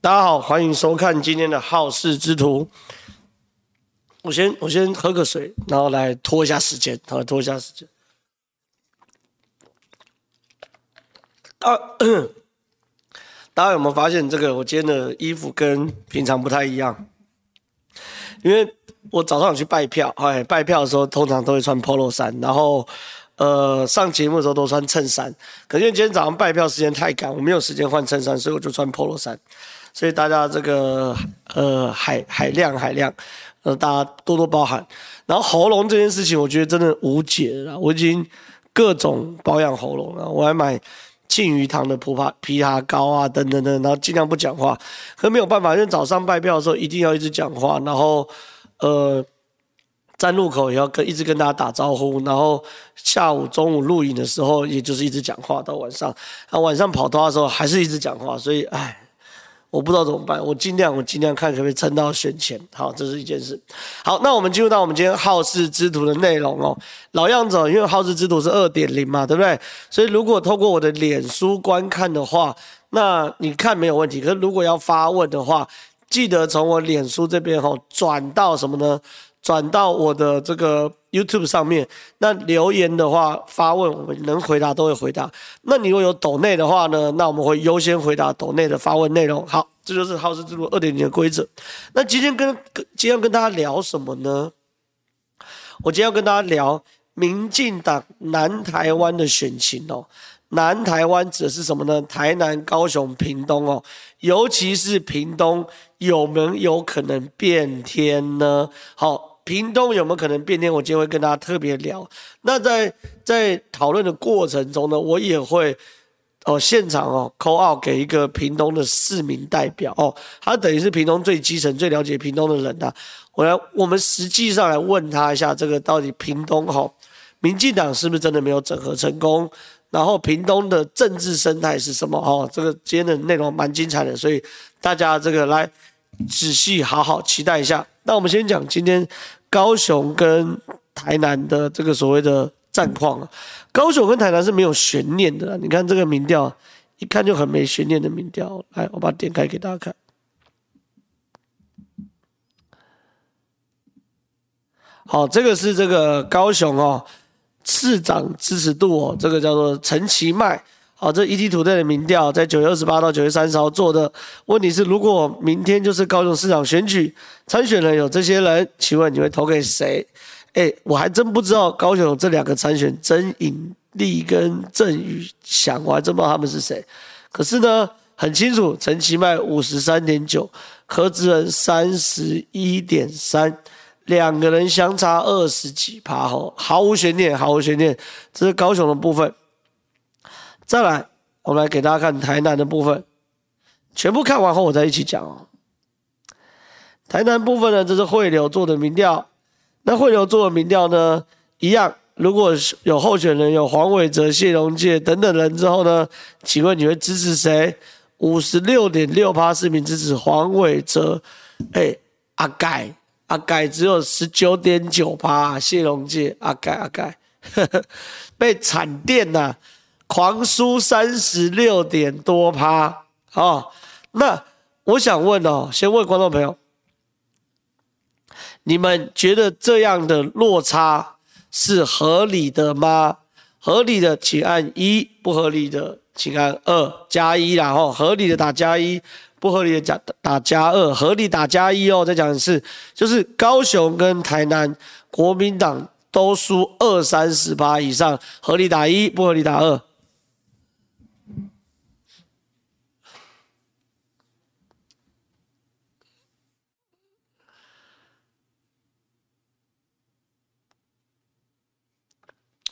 大家好，歡迎收看今天的皓事之徒。我先我先喝個水，然後來拖一下時間，然後拖一下時間。啊，大家有沒有發現這個？我今天的衣服跟平常不太一樣，因為我早上去拜票，哎，拜票的時候通常都會穿 Polo 衫，然後呃上節目的時候都穿襯衫。可是今天早上拜票時間太趕，我沒有時間換襯衫，所以我就穿 Polo 衫。所以大家這個呃，海海量海量，呃，大家多多包涵。然後喉嚨這件事情，我覺得真的無解了。我已經各種保養喉嚨了，我還買慶餘堂的枇杷枇杷膏啊，等，等等等，然後盡量不講話。可沒有辦法，因為早上拜票的時候一定要一直講話，然後呃，站路口也要跟一直跟大家打招呼，然後下午中午錄影的時候，也就是一直講話，到晚上，然後晚上跑單的時候還是一直講話，所以唉。我不知道怎麼辦，我盡量，我盡量看可不可以撐到選前。好，這是一件事。好，那我們進入到我們今天皓事之徒的內容哦、喔。老樣子哦、喔，因為皓事之徒是二點零嘛，對不對？所以如果透過我的臉書觀看的話，那你看沒有問題。可是如果要發問的話，記得從我臉書這邊哦轉到什麼呢？轉到我的這個 YouTube 上面，那留言的話發問，我們能回答都會回答。那你如果有抖內的話呢，那我們會優先回答抖內的發問內容。好，這就是皓事之徒2.0的規則。那今天跟今天跟大家聊什麼呢？我今天要跟大家聊民進黨南台灣的選情哦。南台灣指的是什麼呢？台南、高雄、屏東哦，尤其是屏東有沒有可能變天呢？好。屏東有沒有可能變天？我今天會跟大家特別聊。那在在討論的過程中呢，我也會哦現場哦 Call out 給一個屏東的市民代表哦，他等於是屏東最基層、最了解屏東的人啊。我來，我們實際上來問他一下，這個到底屏東齁、哦，民進黨是不是真的沒有整合成功？然後屏東的政治生態是什麼？哦，這個今天的內容蠻精彩的，所以大家這個來仔細好好期待一下。那我們先講今天。高雄跟台南的這個所謂的戰況啊，高雄跟台南是沒有懸念的啦。你看這個民調，一看就很沒懸念的民調。來，我把它點開給大家看。好，這個是這個高雄哦、喔，市長支持度哦、喔，這個叫做陳其邁。好，這 ETtoday 的民調在九月二十八到九月三十號做的。問題是，如果明天就是高雄市長選舉，參選人有這些人，請問你會投給誰？哎、欸，我還真不知道高雄這兩個參選，曾永立跟鄭宇翔，我還真不知道他們是誰。可是呢，很清楚，陳其邁五十三點九，柯志恩三十一點三，兩個人相差二十幾趴哦，毫無懸念，毫無懸念，這是高雄的部分。再來，我們來給大家看台南的部分，全部看完後我再一起講哦、喔。台南部分呢，這是匯流做的民調，那匯流做的民調呢，一樣，如果有候選人有黃偉哲、謝龍介等等人之後呢，請問你會支持誰？五十六點六趴市民支持黃偉哲，哎、欸，阿蓋阿蓋只有十九點九趴，謝龍介，阿蓋阿蓋呵 被慘電吶、啊。狂輸三十六點多趴啊、哦！那我想問哦，先問觀眾朋友，你們覺得這樣的落差是合理的嗎？合理的請按一，不合理的請按二加一啦。吼、哦，合理的打加一，1，不合理的打打加二，2，合理打加一哦。再講一次，就是高雄跟台南國民黨都輸二三十趴以上，合理打一，不合理打二。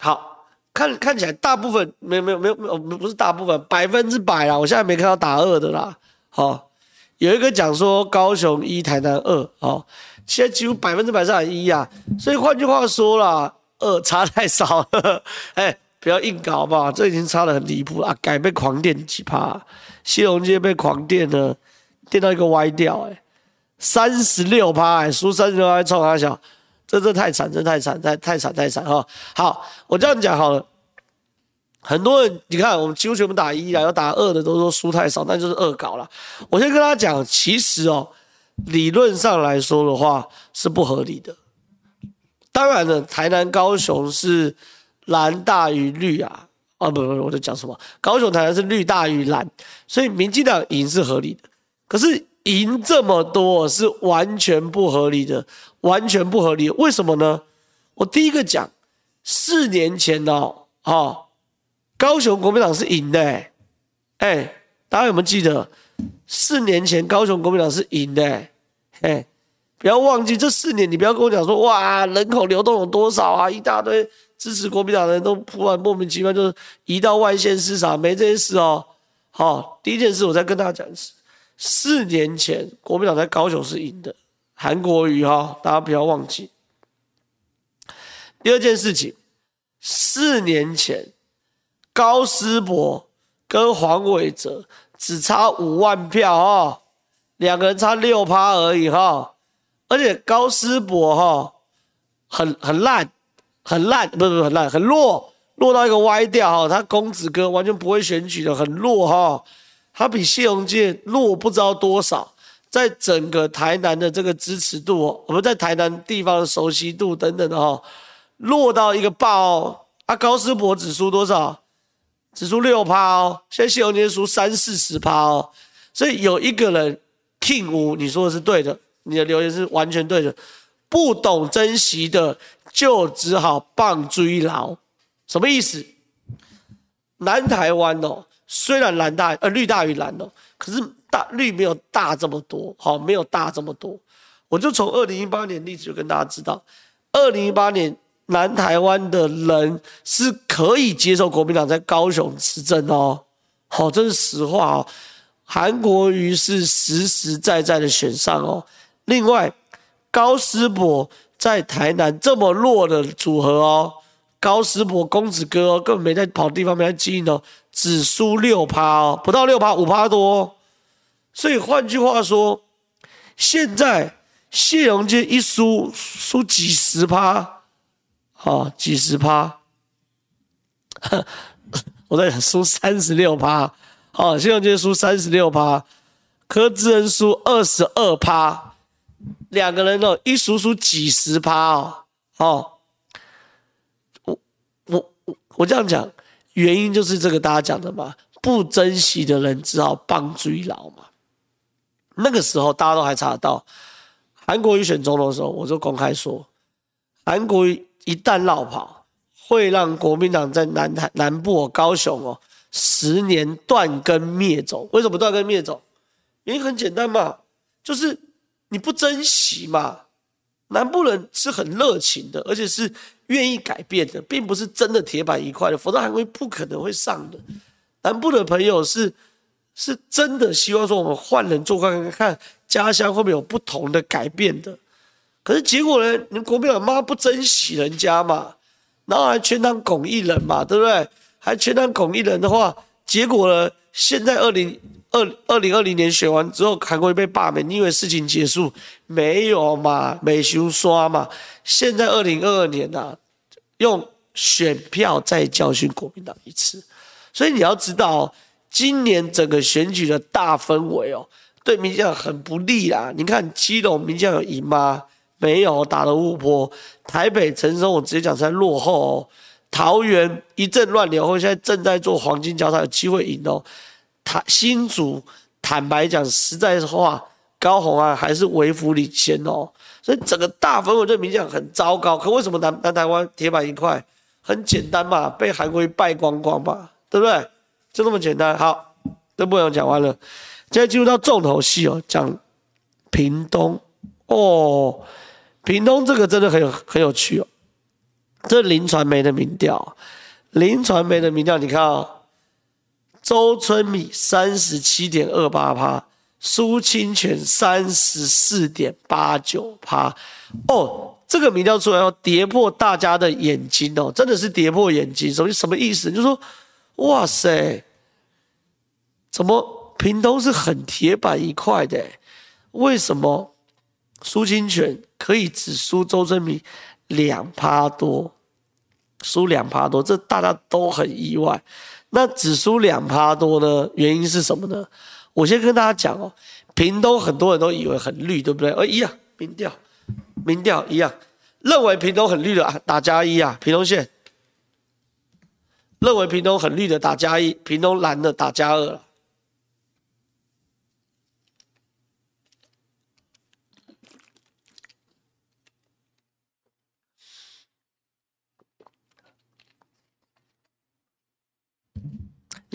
好，看看起來大部分沒有沒有沒有沒有，不是大部分，百分之百啦。我現在沒看到打二的啦。好、哦，有一個講說高雄一，台南二。哦，現在幾乎百分之百上一啊，所以換句話說啦，二、哦、差太少了。哎，不、欸、要硬搞吧，這已經差的很離譜了改被狂電幾趴、啊，謝龍介被狂電了，電到一個歪掉、欸。哎，三十六趴，哎，輸三十六趴還湊他小。這這太慘，這太慘，太太慘，太慘哈！哦、好，我這樣講好了。很多人，你看，我們幾乎全部打一啊，要打二的都說輸太少，那就是惡搞了。我先跟他講，其實哦，理論上來說的話是不合理的。當然了，台南高雄是藍大於綠啊，啊，啊不不，不不，我在講什麼？高雄台南是綠大於藍，所以民進黨贏是合理的。可是贏這麼多是完全不合理的。完全不合理，為什麼呢？我第一個講，四年前哦，啊、哦，高雄國民黨是贏的、欸，哎、欸，大家有沒有記得？四年前高雄國民黨是贏的、欸，哎、欸，不要忘記這四年，你不要跟我講說哇，人口流動有多少啊，一大堆支持國民黨的人都突然莫名其妙就是移到外縣市啥，沒這些事哦。好、哦，第一件事我再跟大家講是，四年前國民黨在高雄是贏的。韓國瑜哈，大家不要忘記。第二件事情，四年前高思博跟黃偉哲只差五萬票哈，兩個人差六趴而已哈，而且高思博哈很很爛，很爛，不是不是很爛，很弱，弱到一個歪掉哈，他公子哥完全不會選舉的，很弱哈，他比謝龍介弱不知道多少。在整個台南的這個支持度哦，我們在台南地方的熟悉度等等的哦，落到一個爆哦，啊高思博只輸多少？只輸六趴哦，現在謝龍介輸三四十趴哦，所以有一個人 King 五，你說的是對的，你的留言是完全對的，不懂珍惜的就只好棒追老。什麼意思？南台灣哦，雖然藍大呃綠大於藍哦，可是。大率沒有大這麼多，好，沒有大這麼多。我就從二零一八年例子就跟大家知道，二零一八年南台灣的人是可以接受國民黨在高雄執政哦、喔，好，這是實話哦，韓國瑜是實實在在的選上哦、喔。另外，高思博在台南這麼弱的組合哦、喔，高思博公子哥、喔、根本沒在跑地方，沒在經營哦、喔，只輸六趴哦，不到六趴，五趴多、喔。所以換句話說，現在謝龍介一輸輸幾十趴，啊，幾十趴，我在講輸三十六趴，啊，謝龍介輸三十六趴，柯志恩輸二十二趴，兩個人哦，一輸輸幾十趴哦，哦，我我我這樣講，原因就是這個大家講的嘛，不珍惜的人只好助追老嘛。那個時候大家都還查得到，韓國瑜選總統的時候，我就公開說，韓國瑜一旦落跑，會讓國民黨在南海南部、哦、高雄哦，十年斷根滅種。為什麼斷根滅種？原因為很簡單嘛，就是你不珍惜嘛。南部人是很熱情的，而且是願意改變的，並不是真的鐵板一塊的，否則韓國瑜不可能會上的。南部的朋友是。是真的希望說我們換人做看看家鄉會不會有不同的改變的，可是結果呢？你國民黨媽不珍惜人家嘛，然後還全當孔義人嘛，對不對？還全當孔義人的話，結果呢？現在二零二二零二零年選完之後，韓國瑜被罷免，你以為事情結束沒有嘛，美修刷嘛。現在二零二二年吶、啊，用選票再教訓國民黨一次，所以你要知道、喔。今年整個選舉的大氛圍哦、喔，對民進黨很不利啦。你看基隆民進黨有贏嗎？沒有，打了烏波。台北陳松我直接講，現在落後、喔。桃園一陣亂流後，現在正在做黃金交叉，有機會贏哦、喔。新竹，坦白講，實在的話，高虹安，還是微幅領先哦。所以整個大氛圍對民進黨很糟糕。可為什麼南南台灣鐵板一塊？很簡單嘛，被韓國瑜敗光光嘛，對不對？就這麼簡單，好，都不用講完了。現在進入到重頭戲哦，講屏東哦，屏東這個真的很有很有趣哦。這震傳媒的民調，震傳媒的民調，你看啊，哦，周春米三十七點二八趴，蘇清泉三十四點八九趴。哦，這個民調出來要跌破大家的眼睛哦，真的是跌破眼睛。所以什麼意思？你就說哇塞。怎麼屏東是很鐵板一塊的？為什麼蘇清泉可以只輸周春米兩趴多，輸兩趴多，這大家都很意外。那只輸兩趴多呢？原因是什麼呢？我先跟大家講哦，屏東很多人都以為很綠，對不對？哎呀，民調，民調一樣，認為屏東很綠的打加一啊，屏東縣。認為屏東很綠的打加一，1, 屏東藍的打加二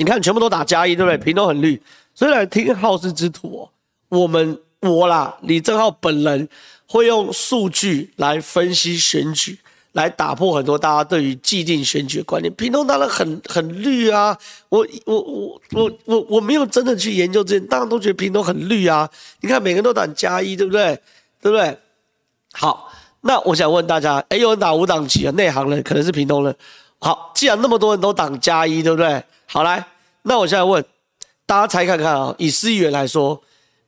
你看，全部都打加一，1, 對不對？屏東很綠，所以來聽皓事之徒、哦，我們我啦，李正皓本人會用數據來分析選舉，來打破很多大家對於既定選舉的觀念。屏東當然很很綠啊，我我我我我我沒有真的去研究這些，大家都覺得屏東很綠啊。你看，每個人都打加一，1, 對不對？對不對？好，那我想問大家，哎，有人打無黨籍啊？內行人可能是屏東人。好，既然那麼多人都打加一，1, 對不對？好，來，那我現在問大家猜看看啊、哦，以市議員來說，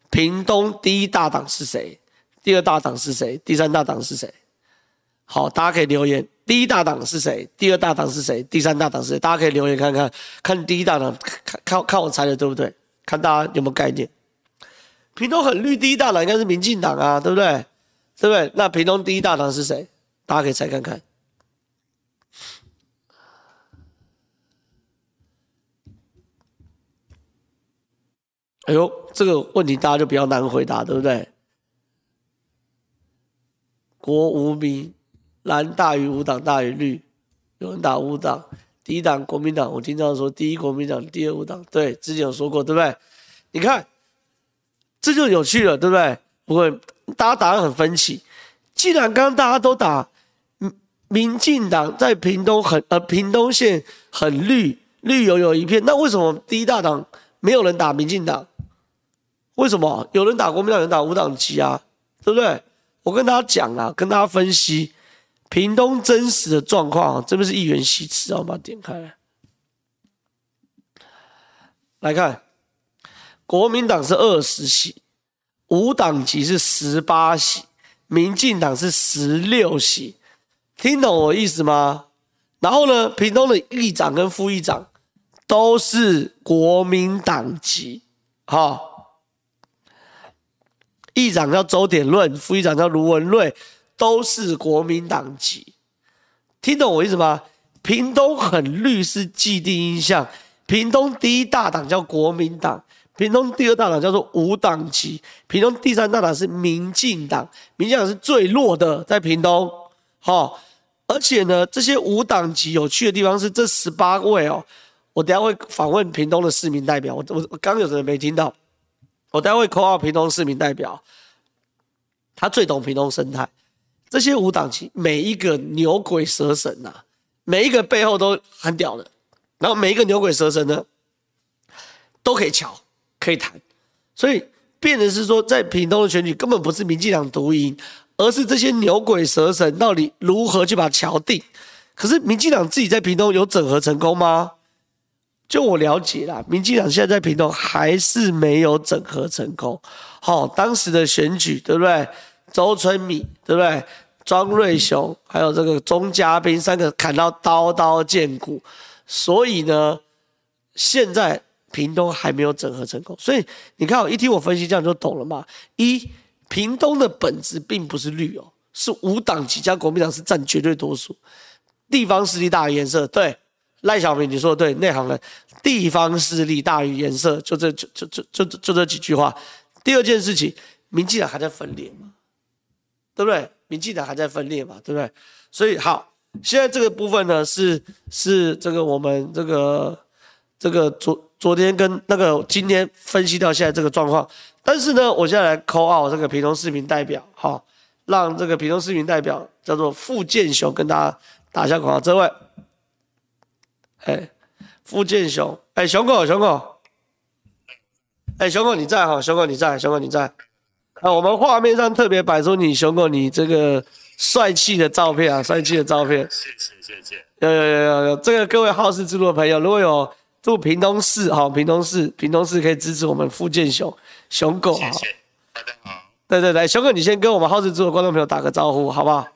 屏東第一大黨是誰？第二大黨是誰？第三大黨是誰？好，大家可以留言，第一大黨是誰？第二大黨是誰？第三大黨是誰？大家可以留言看看，看第一大黨，看看看我猜的對不對？看大家有沒有概念？屏東很綠，第一大黨應該是民進黨啊，對不對？對不對？那屏東第一大黨是誰？大家可以猜看看。哎呦，這個問題大家就比較難回答，對不對？國無民藍大於無黨大於綠，有人打無黨第一黨國民黨，我聽到說第一國民黨，第二無黨，對，之前有說過，對不對？你看，這就有趣了，對不對？不會，大家打得很分歧。既然剛剛大家都打民民進黨，在屏東很，呃，屏東縣很綠綠油油一片，那為什麼第一大黨沒有人打民進黨？為什麼有人打國民黨，有人打無黨籍啊？對不對？我跟大家講啊，跟大家分析屏東真實的狀況、啊。這邊是議員席次啊，我把它點開來，來看。國民黨是二十席，無黨籍是十八席，民進黨是十六席。聽懂我的意思嗎？然後呢，屏東的議長跟副議長都是國民黨籍，好、哦。議長叫周典論，副議長叫盧文瑞，都是國民黨籍。聽懂我意思嗎？屏東很綠是既定印象。屏東第一大黨叫國民黨，屏東第二大黨叫做無黨籍，屏東第三大黨是民進黨。民進黨是最弱的，在屏東。好、哦，而且呢，這些無黨籍有趣的地方是，這十八位哦，我等一下會訪問屏東的市民代表。我我剛有人沒聽到。我待會扣號屏東市民代表，他最懂屏東生態。這些無黨籍，每一個牛鬼蛇神吶、啊，每一個背後都很屌的，然後每一個牛鬼蛇神呢，都可以喬可以談。所以變成是說，在屏東的選舉根本不是民進黨獨贏，而是這些牛鬼蛇神到底如何去把它喬定？可是民進黨自己在屏東有整合成功嗎？就我了解啦，民進黨現在在屏東還是沒有整合成功。好、哦，當時的選舉對不對？周春米對不對？莊瑞雄還有這個鍾佳濱，三個砍到刀刀見骨，所以呢，現在屏東還沒有整合成功。所以你看，一聽我分析這樣就懂了嘛？一屏東的本質並不是綠哦，是無黨籍加，國民黨是占絕對多數，地方勢力大的顏色對。賴小明，你說的對，內行人，地方勢力大於顏色，就這、就、就、就、就、就這幾句話。第二件事情，民進黨還在分裂嘛，對不對？民進黨還在分裂嘛，對不對？所以好，現在這個部分呢，是是這個我們這個這個昨昨天跟那個今天分析到現在這個狀況。但是呢，我現在來 call out 這個屏東市民代表，哈，讓這個屏東市民代表叫做傅建雄跟大家打一下廣告。這位。哎，傅建雄，哎，熊狗，熊狗，哎，熊狗你在哈，熊狗你在，熊狗你在，啊，我們畫面上特別擺出你，熊狗你這個帥氣的照片啊，帥氣的照片，謝謝謝謝，有有有有有，這個各位皓事之徒的朋友，如果有住屏東市哈、哦，屏東市，屏東市可以支持我們傅建雄，熊狗，謝謝，哦、拜拜。好，對對對，熊狗你先跟我們皓事之徒的觀眾朋友打個招呼，好不好？好。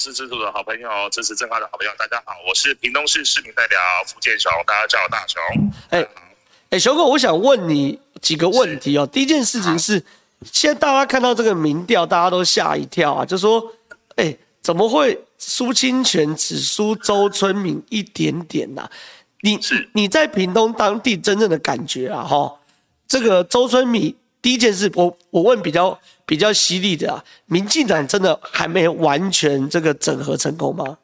是支持度的好朋友，支持正派的好朋友，大家好，我是屏東市市民代表傅建雄，大家叫我大雄。哎、嗯，哎、欸，小、欸、哥，我想問你幾個問題哦。是第一件事情是，啊、現在大家看到這個民調，大家都嚇一跳啊，就說，哎、欸，怎麼會蘇清泉只輸周春米一點點呢、啊？你是你在屏東當地真正的感覺啊？哈，這個周春米。第一件事，我我問比較比較犀利的啊，民進黨真的還沒完全這個整合成功嗎？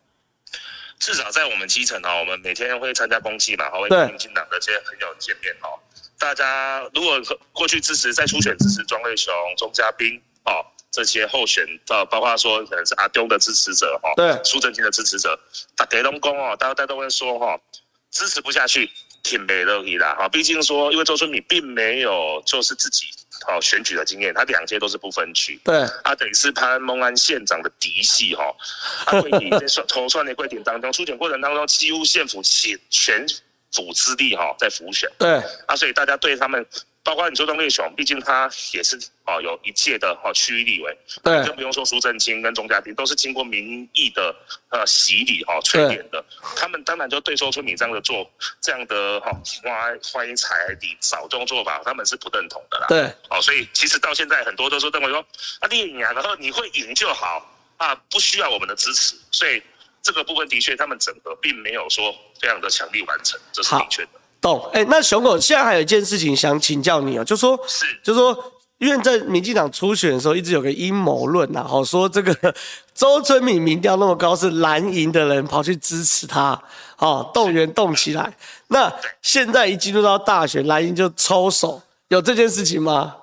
至少在我們基層啊、哦，我們每天會參加公祭嘛，哈，會跟民進黨的這些朋友見面哦。對大家如果過去支持在初選支持莊瑞雄、鍾佳濱哦，這些候選，包括說可能是阿丟的支持者哈，對，蘇正清的支持者，打給龍工哦，大家都會說哈、哦，支持不下去，挺沒樂意的哈。畢、哦、竟說，因為周春米並沒有就是自己。哦，選舉的經驗，他兩屆都是不分區，對，他、啊、等於是潘孟安縣長的嫡系哈，啊廷在 算從算內規定當中初選過程當中，幾乎縣府全全府之力哈、哦、在輔選，對，啊，所以大家對他們。包括你說鄧烈雄，畢竟他也是哦，有一屆的哦區域立委，對就不用說蘇清泉跟鍾佳濱，都是經過民意的呃洗禮哦淬煉的。對他們當然就對說出你這樣的做這樣的哈花歡迎財禮找動作做法，他們是不認同的啦。對，哦，所以其實到現在很多都說鄧偉說啊，你贏啊，然後你會贏就好啊，不需要我們的支持。所以這個部分的確他們整合並沒有說非常的強力完成，這是明確的。哎、哦，那熊狗，現在還有一件事情想請教你哦，就說是，就說，因為在民進黨初選的時候，一直有個陰謀論吶、啊，好說這個周春米民調那麼高，是藍營的人跑去支持他，哦，動員動起來。是那對現在一進入到大選，藍營就抽手，有這件事情嗎？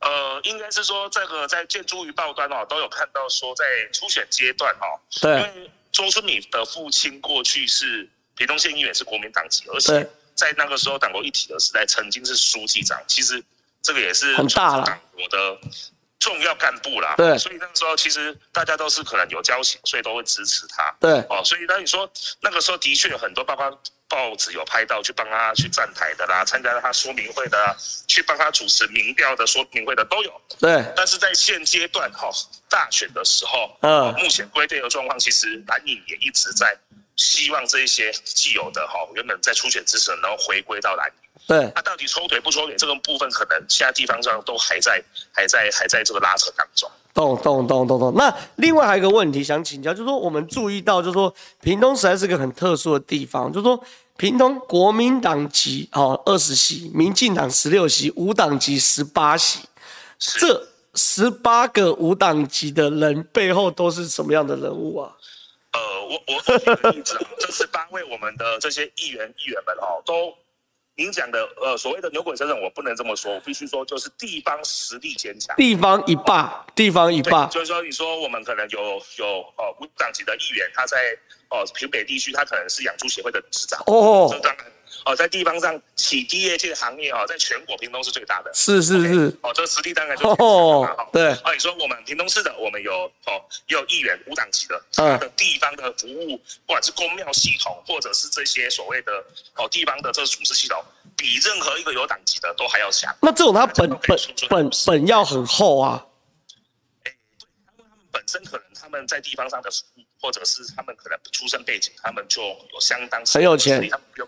呃，應該是說這個在見諸於報端哦，都有看到說，在初選階段哦，對，因為周春米的父親過去是屏東縣議員，屏東是國民黨籍，而且對。在那個時候，黨國一體的時代，曾經是書記長，其實這個也是黨國的重要幹部啦。啦對。所以那個時候，其實大家都是可能有交情，所以都會支持他。對。哦，所以當你說那個時候的確有很多報關報紙有拍到去幫他去站台的啦，參加他說明會的，去幫他主持民調的說明會的都有。對。但是在現階段哈、哦，大選的時候，嗯，啊、目前規定的狀況，其實藍營也一直在。希望這些既有的哈原本在初選之時，然後回歸到藍對。那、啊、到底抽腿不抽腿這個部分，可能其他地方上都還在還在還在這個拉扯當中。咚咚咚咚咚。那另外還有一個問題想請教，就是說我們注意到，就是說屏東實在是個很特殊的地方，就是說屏東國民黨籍哦二十席，民進黨十六席，無黨籍十八席，是這十八個無黨籍的人背後都是什麼樣的人物啊？我我舉個例子啊， 就是幫位我們的這些議員議員們哦、啊，都您講的呃所謂的牛鬼蛇神，神，我不能這麼說，我必須說就是地方實力堅強，地方一霸，哦、地方一霸。就是說，你說我們可能有有哦、啊、無黨籍的議員，他在哦、啊、屏北地區，他可能是養豬協會的董事長哦，這當然。哦，在地方上起地業這個行業哈、啊，在全國屏東是最大的，是是是，okay, 哦，這個實力當然就非常強哈。對，哦、啊，你說我們屏東市的，我們有哦，也有議員無黨籍的，他的地方的服務，不管是宮廟系統，或者是這些所謂的哦地方的這個組織系統，比任何一個有黨籍的都還要強。那這種他本、嗯、本本本要很厚啊。哎，他們他們本身可能他們在地方上的實力。或者是他們可能出身背景，他們就有相當很有錢，他們就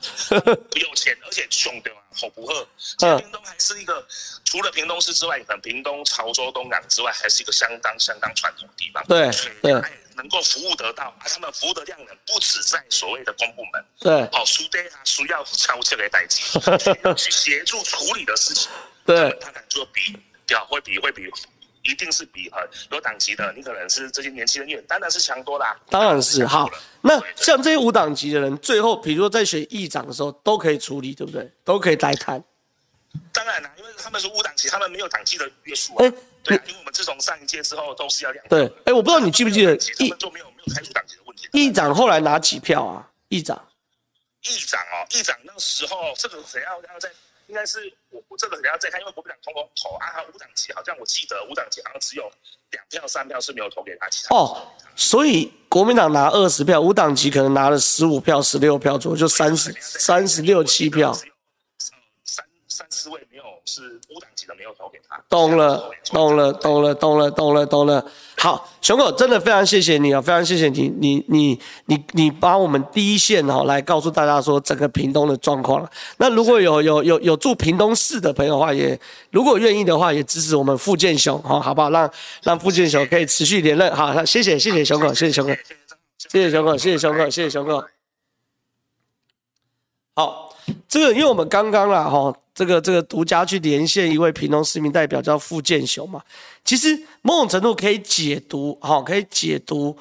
有錢， 而且窮對嘛，好不喝。屏東還是一個除了屏東市之外，可能屏東、潮州、東港之外，還是一個相當相當傳統的地方。對，對能夠服務得到，他們服務的量呢，不止在所謂的公部門。對，哦，書店啊，需要交這待機。金，去協助處理的事情，對， 他敢做比，對啊，會比會比。一定是比很多黨籍的，你可能是這些年輕人也當然是強多啦，當然是，當然是，當然是好。對那像這些無黨籍的人，最後比如說在選議長的時候都可以處理，對不對？都可以代談。當然啦，因為他們是無黨籍，他們沒有黨紀的約束啊。哎、欸，對、啊，因為我們自從上一屆之後都是要兩。對，哎、欸，我不知道你記不記得，一就沒有議沒有開除黨籍的問題。議長後來拿幾票啊？議長，議長哦、喔，議長那時候這個誰要要再。應該是我，我這個等下再看，因為國民黨通過投啊，無黨籍好像我記得無黨籍，好像只有兩票三票是沒有投給他，其他哦，所以國民黨拿二十票，無黨籍可能拿了十五票十六票左右，就三十三十六七票。嗯四位沒有是無黨籍的，沒有投給他。懂了，懂了，懂了，懂了，懂了，懂了。好，熊哥，真的非常謝謝你啊、哦，非常謝謝你，你你你你你，你你把我們第一線哈、哦、來告訴大家說整個屏東的狀況。那如果有有有有住屏東市的朋友的話，也如果願意的話，也支持我們傅建雄哈，好不好？讓讓傅建雄可以持續連任。好，那謝謝謝謝熊哥，謝謝熊哥，謝謝熊哥，謝謝熊哥，謝謝熊哥。好，這個因為我們剛剛啦，哈。這個這個獨家去連線一位屏東市民代表叫傅建雄嘛，其實某種程度可以解讀哈、哦，可以解讀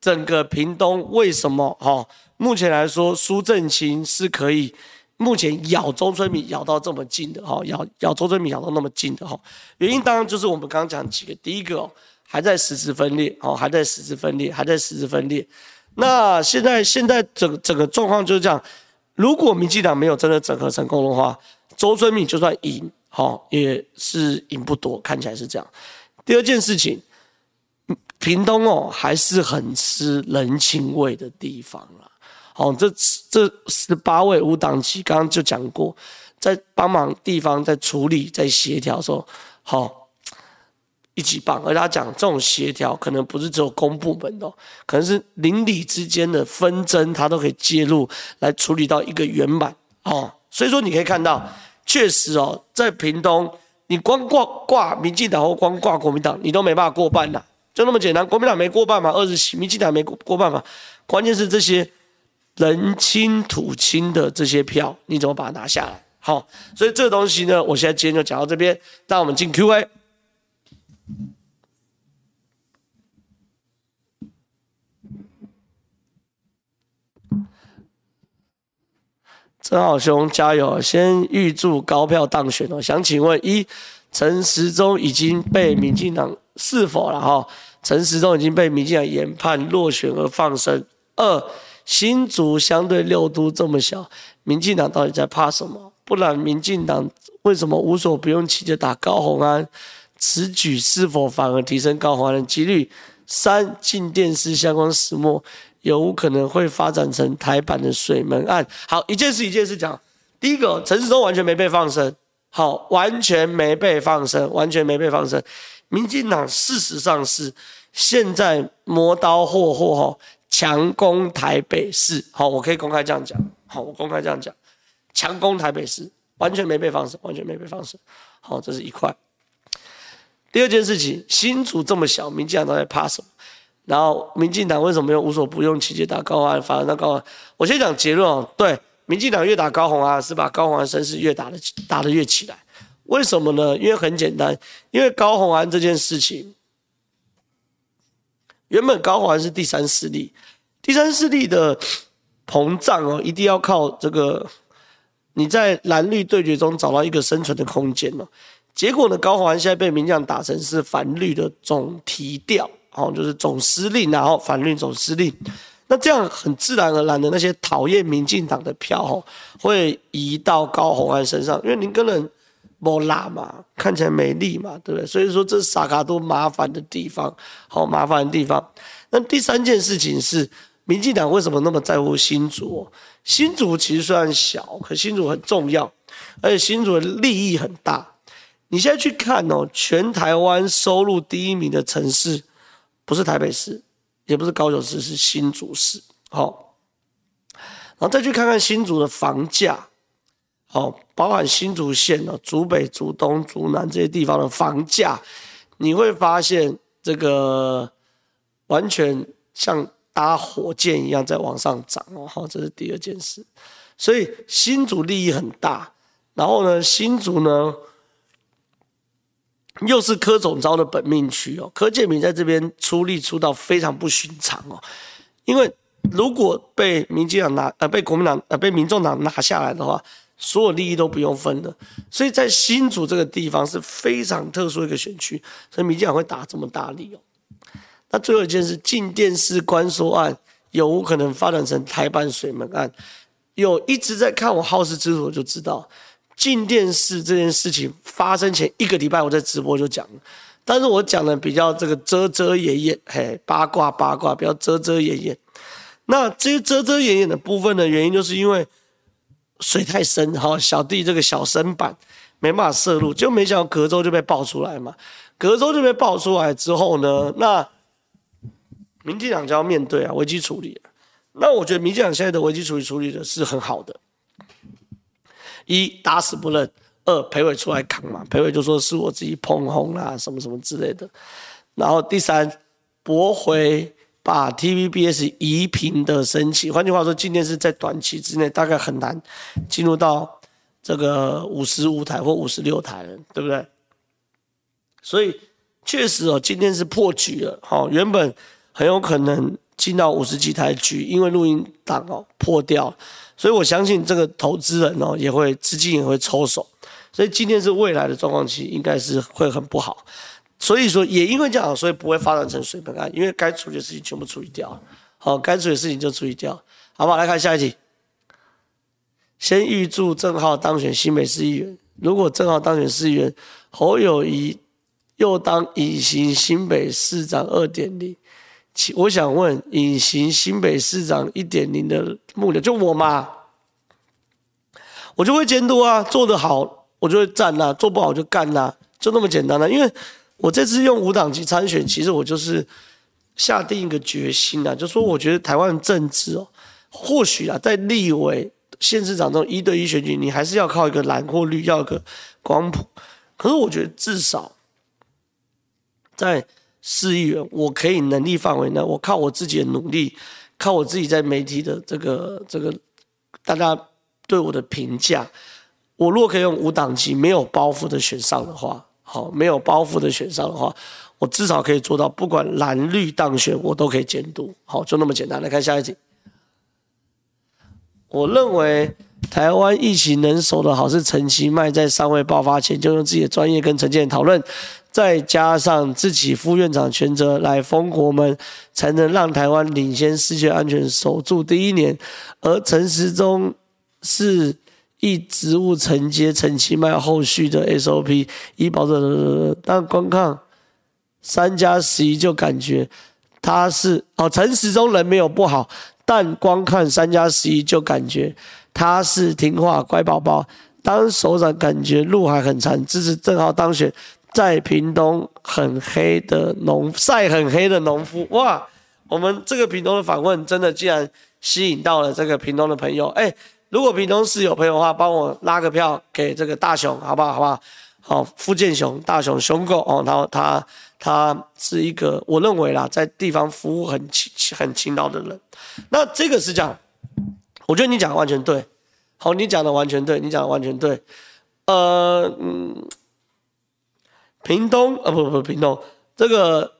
整個屏東為什麼哈、哦，目前來說蘇清泉是可以目前咬周春米咬到這麼近的哈、哦，咬咬周春米咬到那麼近的哈、哦，原因當然就是我們剛剛講幾個，第一個還在實質分裂哦，還在實質分、哦、分裂，還在實質分、分裂。那現在現在整整個狀況就是這樣，如果民進黨沒有真的整合成功的話。周春米就算贏，哦，也是贏不多，看起來是這樣。第二件事情，屏東哦還是很吃人情味的地方了。哦，這這十八位無黨籍，剛剛就講過，在幫忙地方在處理在協調的時候，候好一起幫，而他講這種協調，可能不是只有公部門哦，可能是鄰里之間的紛爭，他都可以介入來處理到一個圓滿。哦，所以說你可以看到。確實哦，在屏東，你光掛掛民進黨或光掛國民黨，你都沒辦法過半的啊，就那麼簡單。國民黨沒過半嘛，二十七；民進黨沒過過半嘛。關鍵是這些人青土青的這些票，你怎麼把它拿下來？好，所以這個東西呢，我現在今天就講到這邊，帶我們進 Q&A。正皓兄加油！先預祝高票當選哦。想請問：一，陳時中已經被民進黨是否了哈？陳時中已經被民進黨研判落選而放生。二，新竹相對六都這麼小，民進黨到底在怕什麼？不然民進黨為什麼無所不用其極打高虹安？此舉是否反而提升高虹安的幾率？三，進電視相關始末。有可能會發展成台版的水門案。好，一件事一件事講。第一個，陳時中完全沒被放生。好，完全沒被放生，完全沒被放生。民進黨事實上是現在磨刀霍霍，哈、哦，強攻台北市。好，我可以公開這樣講。好，我公開這樣講，強攻台北市，完全沒被放生，完全沒被放生。好，這是一塊。第二件事情，新竹這麼小，民進黨都在怕什麼？然後，民進黨為什麼又無所不用其極打高虹安？反而那高虹安，我先講結論哦。對，民進黨越打高虹安啊，是把高虹安的聲勢越打得打得越起來。為什麼呢？因為很簡單，因為高虹安這件事情，原本高虹安是第三勢力，第三勢力的膨脹哦，一定要靠這個你在藍綠對決中找到一個生存的空間哦。結果呢，高虹安現在被民進黨打成是反綠的總提調。哦，就是總司令、啊，然、哦、後反綠總司令，那這樣很自然而然的，那些討厭民進黨的票、哦、會移到高虹安身上，因為你個人不辣嘛，看起來沒力嘛，對不對？所以說這沙卡都麻煩的地方，好、哦、麻煩的地方。那第三件事情是，民進黨為什麼那麼在乎新竹、哦？新竹其實雖然小，可新竹很重要，而且新竹的利益很大。你現在去看哦，全台灣收入第一名的城市。不是台北市，也不是高雄市，是新竹市。好、哦，然後再去看看新竹的房價，哦，包含新竹縣的、哦、竹北、竹東、竹南這些地方的房價，你會發現這個完全像搭火箭一樣在往上漲哦。好，這是第二件事。所以新竹利益很大，然後呢，新竹呢？又是柯總召的本命區哦，柯建銘在這邊出力出到非常不尋常哦，因為如果被民進黨拿呃被國民黨呃被民眾黨拿下來的話，所有利益都不用分了，所以在新竹這個地方是非常特殊一個選區，所以民進黨會打這麼大力哦。那最後一件事，鏡電視關說案有無可能發展成台版水門案？有，一直在看我皓事之徒就知道。進電視這件事情發生前一個禮拜，我在直播就講了，但是我講的比較這個遮遮掩掩，嘿，八卦八卦比較遮遮掩掩。那這些遮遮掩掩的部分的原因，就是因為水太深，哈，小弟這個小身板沒辦法涉入，就沒想到隔周就被爆出來嘛。隔周就被爆出來之後呢，那民進黨就要面對啊危機處理啊。那我覺得民進黨現在的危機處理處理的是很好的。一打死不認，二裴偉出來扛嘛，裴偉就說是我自己捧紅啦，啊，什麼什麼之類的。然後第三駁回把 TVBS 移頻的申請，換句話說，今天是在短期之內大概很難進入到這個五十五台或五十六台了，對不對？所以確實哦，今天是破局了，哈、哦，原本很有可能，進到五十幾台局，因為錄音檔哦、喔、破掉了，所以我相信這個投資人哦、喔、也會資金也會抽手，所以今天是未來的狀況期，應該是會很不好。所以說也因為這樣，所以不會發展成水門案，因為該處理的事情全部處理掉，好、喔，該處理的事情就處理掉，好吧？來看下一題，先預祝正皓當選新北市議員。如果正皓當選市議員，侯友宜又當隱形新北市長二點零。我想問，隱形新北市長一點零的幕僚就我嘛，我就會監督啊，做得好我就會讚吶、啊，做不好就幹吶、啊，就那麼簡單了、啊、因為我這次用無黨籍去參選，其實我就是下定一個決心啊，就說我覺得台灣政治哦，或許啊，在立委、縣市長中，一對一選舉，你還是要靠一個藍或綠，要一個光譜。可是我覺得至少在。四億元，我可以能力範圍內，我靠我自己的努力，靠我自己在媒體的這個這個，大家對我的評價。我如果可以用無黨籍、沒有包袱的選上的話，好，沒有包袱的選上的話，我至少可以做到，不管藍綠當選，我都可以監督。好，就那麼簡單。來看下一題。我認為台灣疫情能守得好是陳其邁，在尚未爆發前就用自己的專業跟陳建仁討論。再加上自己副院長全責來封國門，才能讓台灣領先世界安全守住第一年。而陳時中是一職務承接陳其邁後續的 SOP，以保證。但光看三加十一就感覺他是哦，陳時中人沒有不好，但光看三加十一就感覺他是聽話乖寶寶。當首長感覺路還很長，支持正皓當選。在屏東很黑的農曬很黑的農夫哇！我們這個屏東的訪問真的竟然吸引到了這個屏東的朋友哎、欸！如果屏東市有朋友的話，幫我拉個票給這個大雄好不好？好不好？好，傅建雄、大雄、熊狗哦，他他他是一個我認為啦，在地方服務很勤很勤勞的人。那這個是這樣，我覺得你講的完全對。好，你講的完全對，你講的完全對。呃，嗯。屏東啊，不不，屏東這個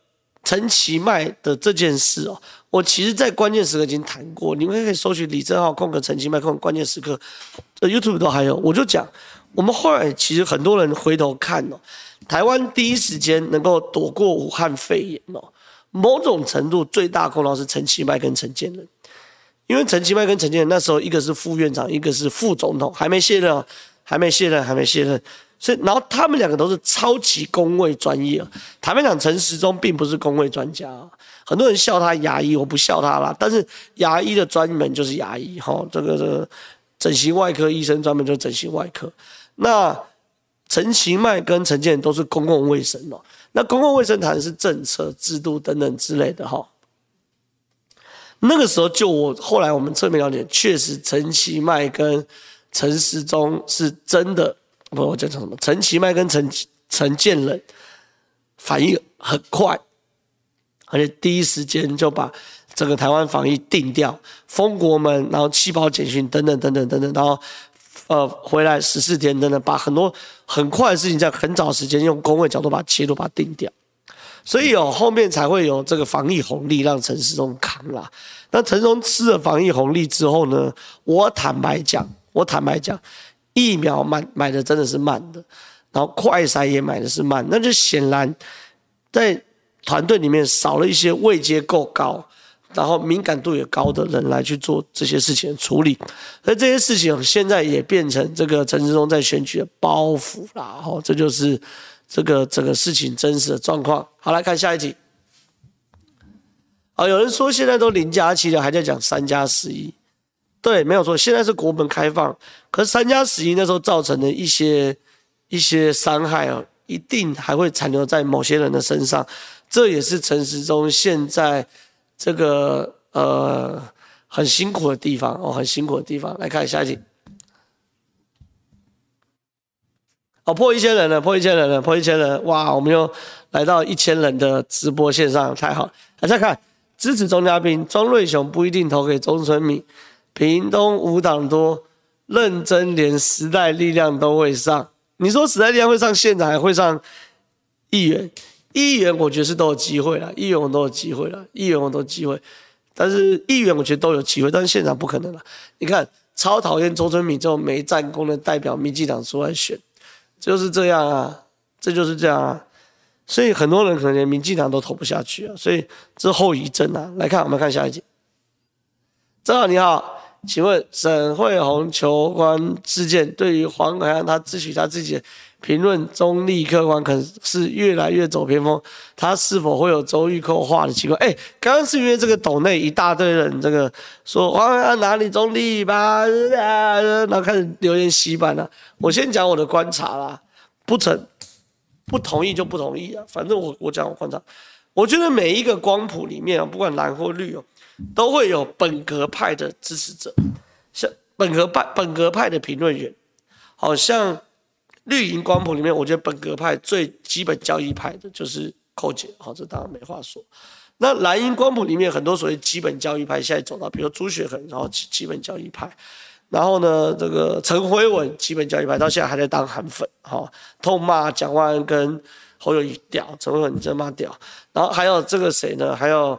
陳其邁的這件事哦、喔，我其實在關鍵時刻已經談過，你們可以搜尋李正皓空格陳其邁空關鍵時刻、呃、，YouTube 都還有，我就講，我們後來其實很多人回頭看哦、喔，台灣第一時間能夠躲過武漢肺炎哦、喔，某種程度最大功勞是陳其邁跟陳建仁，因為陳其邁跟陳建仁那時候一個是副院長，一個是副總統，還沒卸任哦、喔，還沒卸任，還沒卸任。所以，然後他們兩個都是超級公衛專業。坦白講陳時中並不是公衛專家、啊，很多人笑他牙醫，我不笑他啦。但是牙醫的專門就是牙醫，哈、這個，這個整形外科醫生專門就是整形外科。那陳其邁跟陳建仁都是公共衛生哦，那公共衛生談的是政策、制度等等之類的，哈。那個時候就我後來我們側面了解，確實陳其邁跟陳時中是真的。不，我講講什麼？陳其邁跟陳陳建仁反應很快，而且第一時間就把這個台灣防疫定掉，封國門，然後氣泡檢訊等等等等等等，等等然後呃回來十四天等等，把很多很快的事情在很早時間用公衛角度把它切入，把它定掉。所以有，後面才會有這個防疫紅利讓陳時中扛了。那陳時中吃了防疫紅利之後呢？我坦白講，我坦白講。疫苗慢買,買的真的是慢的，然後快篩也買的是慢，那就顯然在團隊裡面少了一些位階夠高，然後敏感度也高的人來去做這些事情的處理，而這些事情現在也變成這個陳時中在選舉的包袱啦，然、哦、後這就是這個這個事情真實的狀況。好來，來看下一題。啊、哦，有人說現在都零加七了，還在講三加十一。對，沒有錯。現在是國門開放，可是三加十一那時候造成的一些一些傷害哦，一定還會殘留在某些人的身上。這也是陳時中現在這個呃很辛苦的地方哦，很辛苦的地方。來看下一集。哦，破一千人了，破一千人了，破一千人了！哇，我們又來到一千人的直播線上，太好了！大家看，支持鍾佳濱莊瑞雄，不一定投給周春米。屏東五黨多認真，連時代力量都會上。你說時代力量會上縣長，還會上議員？議員我覺得是都有機會了，議員我都有機會了，議員我都有機會。但是議員我覺得都有機會，但是現場不可能了。你看，超討厭周春米這種沒戰功的代表民進黨出來選，就是這樣啊，這就是這樣啊。所以很多人可能連民進黨都投不下去啊。所以這後遺症啊。來看，我們看下一集。正皓你好。請問沈慧虹求官事件，對於黃暐瀚，他自詡他自己的評論中立客觀，可是越來越走偏鋒，他是否會有周玉蔻化的傾向？哎，剛剛是因為這個抖內一大堆人，這個說黃暐瀚哪裡中立吧，啊、然後開始留言洗版了。我先講我的觀察啦，不成，不同意就不同意啊，反正我我講我觀察，我覺得每一個光譜裡面啊，不管藍或綠哦、啊。都會有本格派的支持者，像本格派本格派的評論員，好像綠營光譜裡面，我覺得本格派最基本教義派的就是寇姐，好、哦，這當然沒話說。那藍營光譜裡面很多屬於基本教義派，現在走到比如朱學恆，然後基本教義派，然後呢，這個陳揮文基本教義派，到現在還在當韓粉，哈、哦，痛罵蔣萬安跟侯友宜屌，陳揮文你真媽屌，然後還有這個誰呢？還有。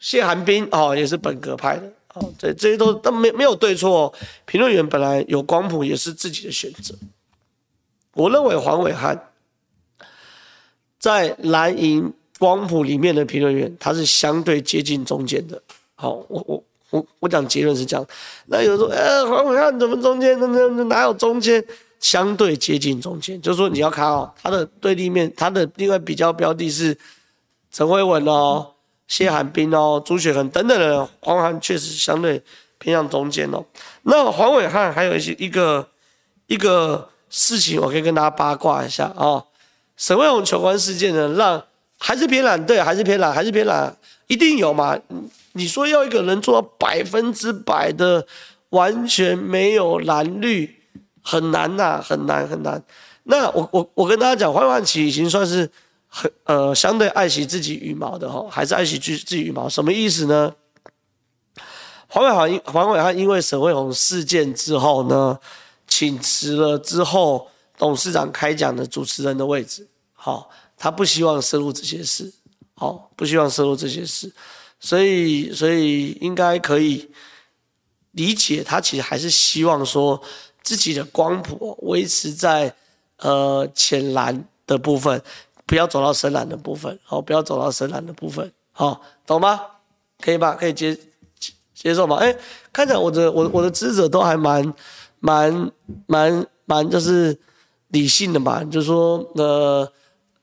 謝寒冰哦，也是本格派的哦，這，這些都沒沒有對錯、哦。評論員本來有光譜，也是自己的選擇。我認為黃暐瀚在藍營光譜裡面的評論員，他是相對接近中間的。好、哦，我我我我講結論是這樣。那有人說，呃，黃暐瀚怎麼中間？那那哪有中間？相對接近中間，就是說你要看哦，他的對立面，他的另外比較標的是陳揮文哦。謝寒冰哦，朱學恆等等的，黃暐瀚確實相對偏向中間哦。那黃暐瀚還有一些一個一個事情，我可以跟大家八卦一下啊、哦。沈慧紅求婚事件呢，讓還是偏藍，對，還是偏藍，還是偏藍，一定有嘛，你說要一個人做到百分之百的完全沒有藍綠，很難吶、啊，很難，很難。那我我我跟大家講，黃暐瀚其實已經算是。很呃，相對愛惜自己羽毛的吼、哦，還是愛惜自己羽毛？什麼意思呢？黃暐瀚因黃暐瀚因為沈慧虹事件之後呢，嗯、請辭了之後，董事長開講的主持人的位置，好、哦，他不希望涉入這些事，好、哦，不希望涉入這些事，所以所以應該可以理解，他其實還是希望說自己的光譜維持在呃淺藍的部分。不要走到深藍的部分，好，不要走到深藍的部分，好，懂嗎？可以吧？可以接接受吧。哎，看着我的我我的職責都還蠻蠻蠻蠻就是理性的嘛，就說呃，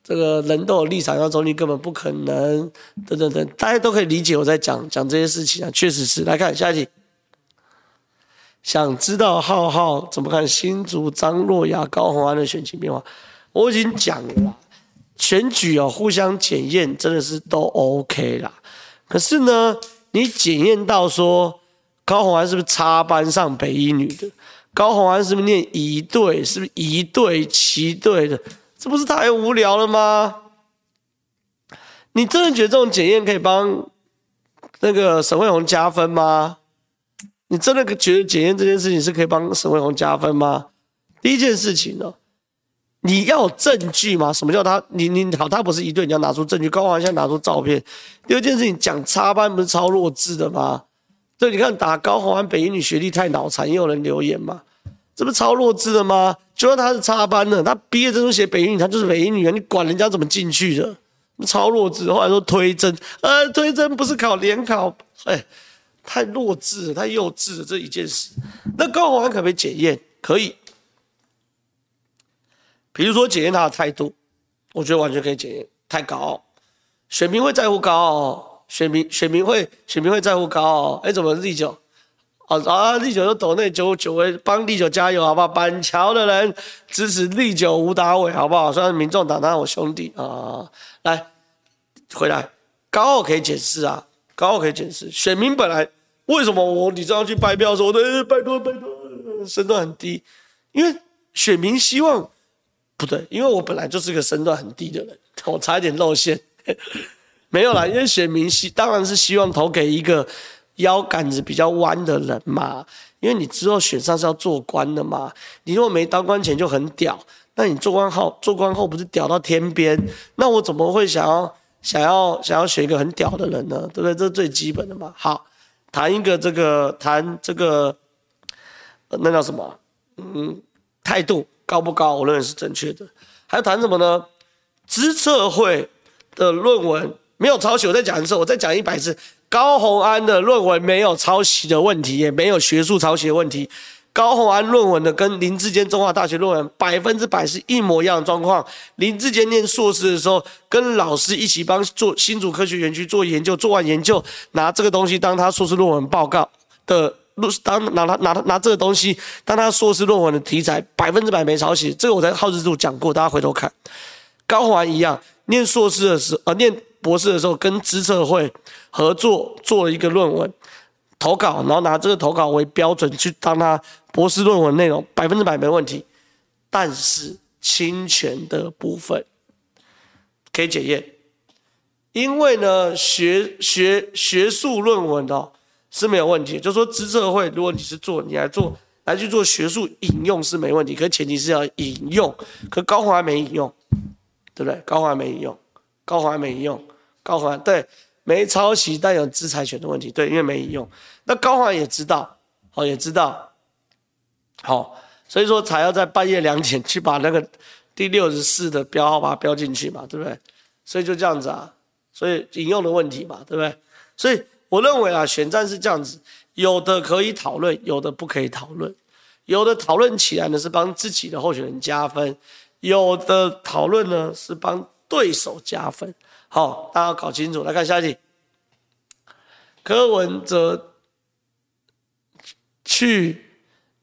這個人都有立場，要中立根本不可能，等等等，大家都可以理解我在講講這些事情啊，確實是。來看下一題，想知道浩浩怎麼看新竹張洛雅高虹安的選情變化？我已經講了。選舉哦，互相檢驗真的是都 OK 啦。可是呢，你檢驗到說，高虹安是不是插班上北一女的？高虹安是不是念一類，是不是一類七類的？這不是太無聊了嗎？你真的覺得這種檢驗可以幫那個沈慧虹加分嗎？你真的覺得檢驗這件事情是可以幫沈慧虹加分嗎？第一件事情呢、哦？你要有證據嗎？什麼叫他？你你好，他不是一對，你要拿出證據。高虹安現在拿出照片。第二件事情，講插班不是超弱智的嗎？對，你看打高虹安北一女學歷太腦殘，也有人留言嘛？這不超弱智的嗎？就算他是插班的，他畢業證書寫北一女，他就是北一女啊，你管人家怎麼進去的？超弱智。後來說推甄，呃，推甄不是考聯考？哎，太弱智了，太幼稚了這一件事。那高虹安可不可以檢驗？可以。比如說，檢驗他的態度，我覺得完全可以檢驗。太高傲，選民會在乎高傲。選民，選民會，選民會在乎高傲哦，哎、欸，怎麼立九？啊啊，立九就抖那九九位，幫立九加油好不好？板橋的人支持立九吳達偉好不好？雖然民眾黨，但我兄弟啊，來，回來，高傲可以解釋啊，高傲可以解釋。選民本來為什麼我，你知道去拜票的時候我的拜託拜託，身段很低，因為選民希望。不對，因為我本來就是一個身段很低的人，我差一點露餡。 沒有啦，因為選民希當然是希望投給一個腰桿子比較彎的人嘛，因為你之後選上是要做官的嘛。你如果沒當官前就很屌，那你做官後做官後不是屌到天邊？那我怎麼會想要想要想要選一個很屌的人呢？對不對？這是最基本的嘛。好，談一個這個，談這個，呃，那叫什麼？嗯，態度。高不高？我認為是正確的。還談什麼呢？知測會的論文沒有抄襲。我在講的時候，我再講一,一百次。高虹安的論文沒有抄襲的問題，也沒有學術抄襲的問題。高虹安論文的跟林智堅中華大學論文百分之百是一模一樣的狀況。林智堅念碩士的時候，跟老師一起幫做新竹科學園區做研究，做完研究拿這個東西當他碩士論文報告的。當拿他拿拿，拿這個東西當他碩士論文的題材，百分之百沒抄襲，這個我在皓事之徒講過，大家回頭看。高華一樣，念碩士的時候，呃，念博士的時候，跟資策會合作做了一個論文投稿，然後拿這個投稿為標準去當他博士論文內容，百分之百沒問題。但是侵權的部分可以檢驗，因為呢，學學學術論文哦、喔。是沒有問題，就說資策會，如果你是做，你來做來去做學術引用是沒問題，可前提是要引用，可高華沒引用，對不對？高華沒引用，高華沒引用，高華對沒抄襲，但有智財權的問題，對，因為沒引用那高華也知道，哦，也知道，好、哦，所以說才要在半夜兩點去把那個第六十四的標號把它標進去嘛，對不對？所以就這樣子啊，所以引用的問題嘛，對不對？所以。我認為啊，選戰是這樣子：有的可以討論，有的不可以討論；有的討論起來呢是幫自己的候選人加分，有的討論呢是幫對手加分。好，大家要搞清楚。來看下一題：柯文哲去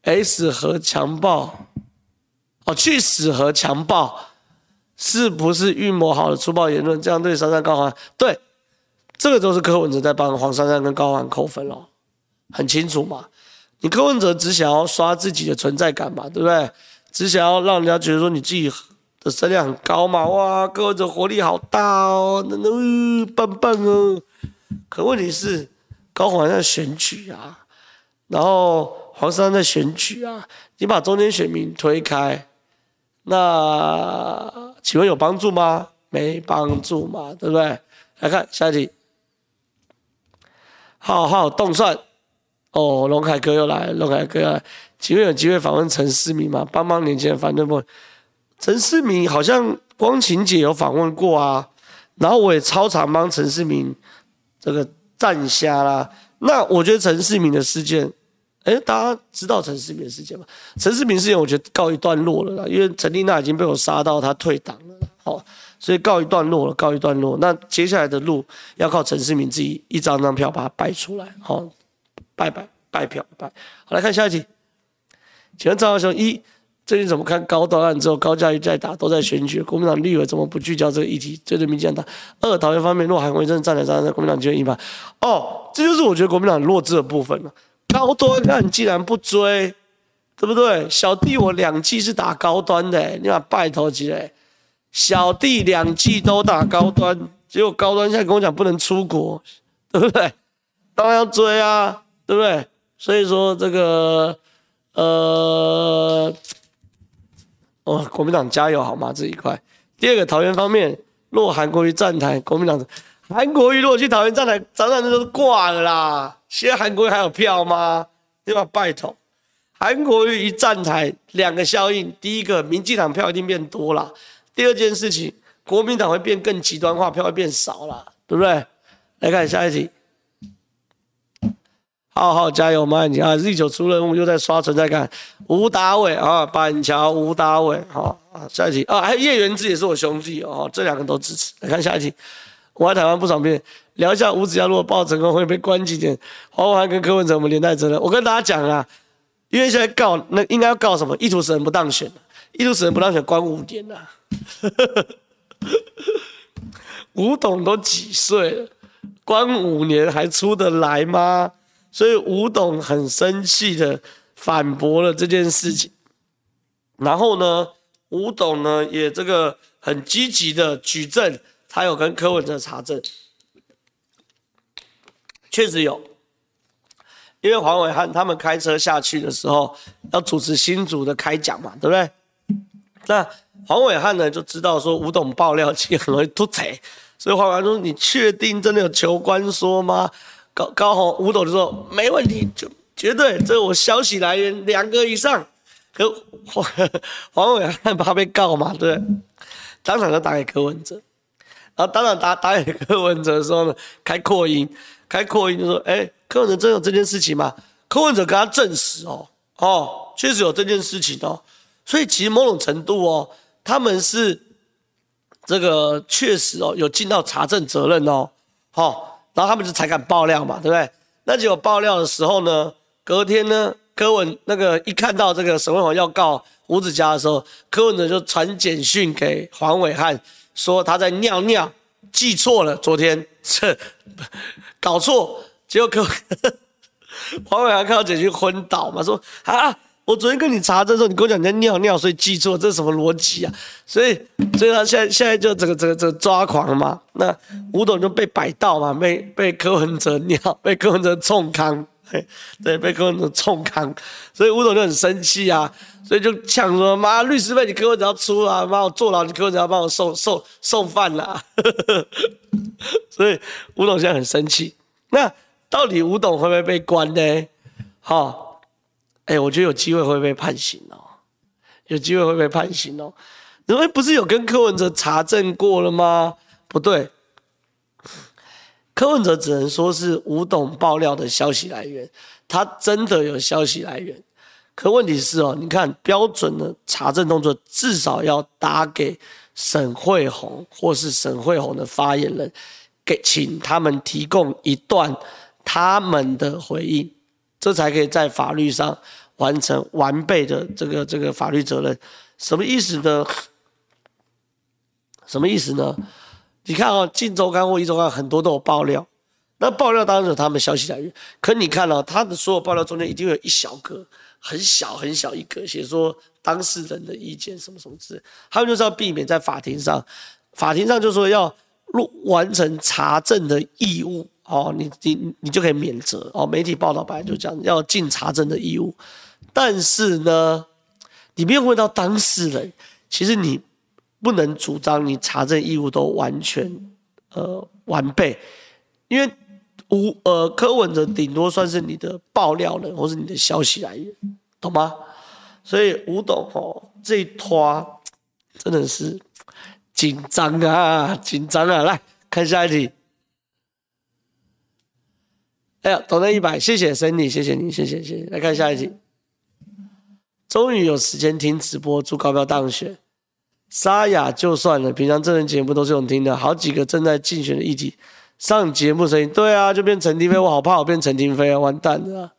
S 和強暴，哦，去死和強暴，是不是預謀好的粗暴言論？這樣對珊珊高雄？對。這個都是柯文哲在幫黃珊珊跟高虹安扣分咯，很清楚嘛。你柯文哲只想要刷自己的存在感嘛，對不對？只想要讓人家覺得說，你自己的聲量很高嘛。哇，柯文哲活力好大哦，那、嗯、那、嗯、棒棒哦！可問題是，高虹安在選舉啊，然後黃珊在選舉啊，你把中間選民推開，那請問有幫助嗎？沒幫助嘛，對不對？來看下一題。好好動算哦，龍凱哥又來，龍凱哥又來，幾位有機會訪問陳思明嗎？幫幫年前，反正不陳思明好像光晴姐有訪問過啊，然後我也超常幫陳思明這個戰下啦。那我覺得陳思明的事件，哎，大家知道陳思明的事件嗎？陳思明事件我覺得告一段落了啦，因為陳麗娜已經被我殺到她退黨了。好。所以告一段落了，告一段落。那接下來的路要靠陳世明自己一張張票把它擺出來，好、哦，拜拜，拜票拜。好，來看下一題，請問張華雄：一，最近怎麼看高端案之後高價一再打，都在選舉，國民黨立委怎麼不聚焦這個議題？針對民進黨打。二，桃園方面若韓國瑜真正站台上，國民黨就會贏嗎？哦，這就是我覺得國民黨弱智的部分了、啊。高端案既然不追，對不對？小弟我兩季是打高端的、欸，你把拜託起來。小弟兩季都打高端，結果高端現在跟我講不能出國，對不對？當然要追啊，對不對？所以說這個，呃，哦，國民黨加油好嗎？這一塊。第二個桃園方面，落韓國瑜站台，國民黨，韓國瑜落去桃園站台，早就都掛了啦。現在韓國瑜還有票嗎？對吧？拜託。韓國瑜一站台，兩個效應。第一個，民進黨票一定變多啦。第二件事情，國民黨會變更極端化，票會變少了，對不對？來看下一題好。好好加油，我們一啊！Z 九出任務又在刷存在感。吳達偉啊，板橋吳達偉，好，下一題啊，還有葉元之也是我兄弟哦，這兩個都支持。來看下一題，我在台灣不爽辯，聊一下吳子嘉如果爆成功會被關幾天？黃國漢跟柯文哲我們連帶責任。我跟大家講啊，因為現在告，那應該要告什麼？意圖使人不當選。一度神，不讓想關五年吶！吳董都幾歲了？關五年還出得來嗎？所以吳董很生氣的反駁了這件事情。然後呢，吳董呢也這個很積極的舉證，他有跟柯文哲查證，確實有。因為黃暐瀚他們開車下去的時候，要主持新竹的開講嘛，對不對？那黃偉漢呢？就知道說吳董爆料其實很容易脫槌，所以黃偉漢說：“你確定真的有求官說嗎？”高高洪吳董就說：“沒問題，就絕對，這我消息來源兩個以上。可”可黃偉漢怕被告嘛，對，當場就打給柯文哲，然後當場打打給柯文哲的時候呢：“開擴音，開擴音就說：‘哎、欸，柯文哲真有這件事情嗎？’柯文哲跟他證實哦，哦，確實有這件事情哦。”所以其實某種程度，哦，他們是這個確實哦有盡到查證責任哦，好、哦，然後他們就才敢爆料嘛，對不對？那結果爆料的時候呢，隔天呢，柯文那個一看到這個沈慧虹要告吳子嘉的時候，柯文哲就傳簡訊給黃暐瀚，說他在尿尿記錯了，昨天這搞錯，結果柯黃暐瀚看到簡訊昏倒嘛，說啊。我昨天跟你查這的時候，你跟我講你在尿尿，所以記錯，這是什麼邏輯啊？所以，所以他現在現在就這個這個這個抓狂嘛。那吳董就被擺到嘛，被被柯文哲尿，被柯文哲沖康，對，被柯文哲沖康，所以吳董就很生氣啊，所以就搶說「媽，律師費你柯文哲要出啊，媽我坐牢你柯文哲要幫我送送送飯啦、啊！ 」所以吳董現在很生氣。那到底吳董會不會被關呢？好、哦。哎、欸，我覺得有機會會被判刑哦，有機會會被判刑哦。人、欸、們不是有跟柯文哲查證過了嗎？不對，柯文哲只能說是吳董爆料的消息來源，他真的有消息來源。可問題是哦，你看標準的查證動作，至少要打給沈慧虹或是沈慧虹的發言人，給請他們提供一段他們的回應。這才可以在法律上完成完備的這個這個法律責任，什麼意思呢？什麼意思呢？你看啊、哦，《今周刊》或《壹週刊》很多都有爆料，那爆料當然有他們消息來源，可你看啊、哦，他的所有爆料中間一定有一小格很小很小一格寫說當事人的意見什麼什麼之類，他們就是要避免在法庭上，法庭上就說要完成查證的義務。哦，你你你就可以免責哦。媒體報道本來就講要盡查證的義務，但是呢，你沒有問到當事人，其實你不能主張你查證義務都完全呃完備，因為吳呃柯文哲頂多算是你的爆料人或是你的消息來源，懂嗎？所以吳董哦這一攤真的是緊張啊，緊張啊！來看下一題。哎呀，投了一百，謝謝森尼，謝謝你，謝謝謝謝。來看下一集，終於有時間聽直播，祝高票當選。沙啞就算了，平常真人節目都是用聽的，好幾個正在競選的議題，上節目聲音，對啊，就變成陳亭妃，我好怕我變成陳亭妃啊，完蛋了。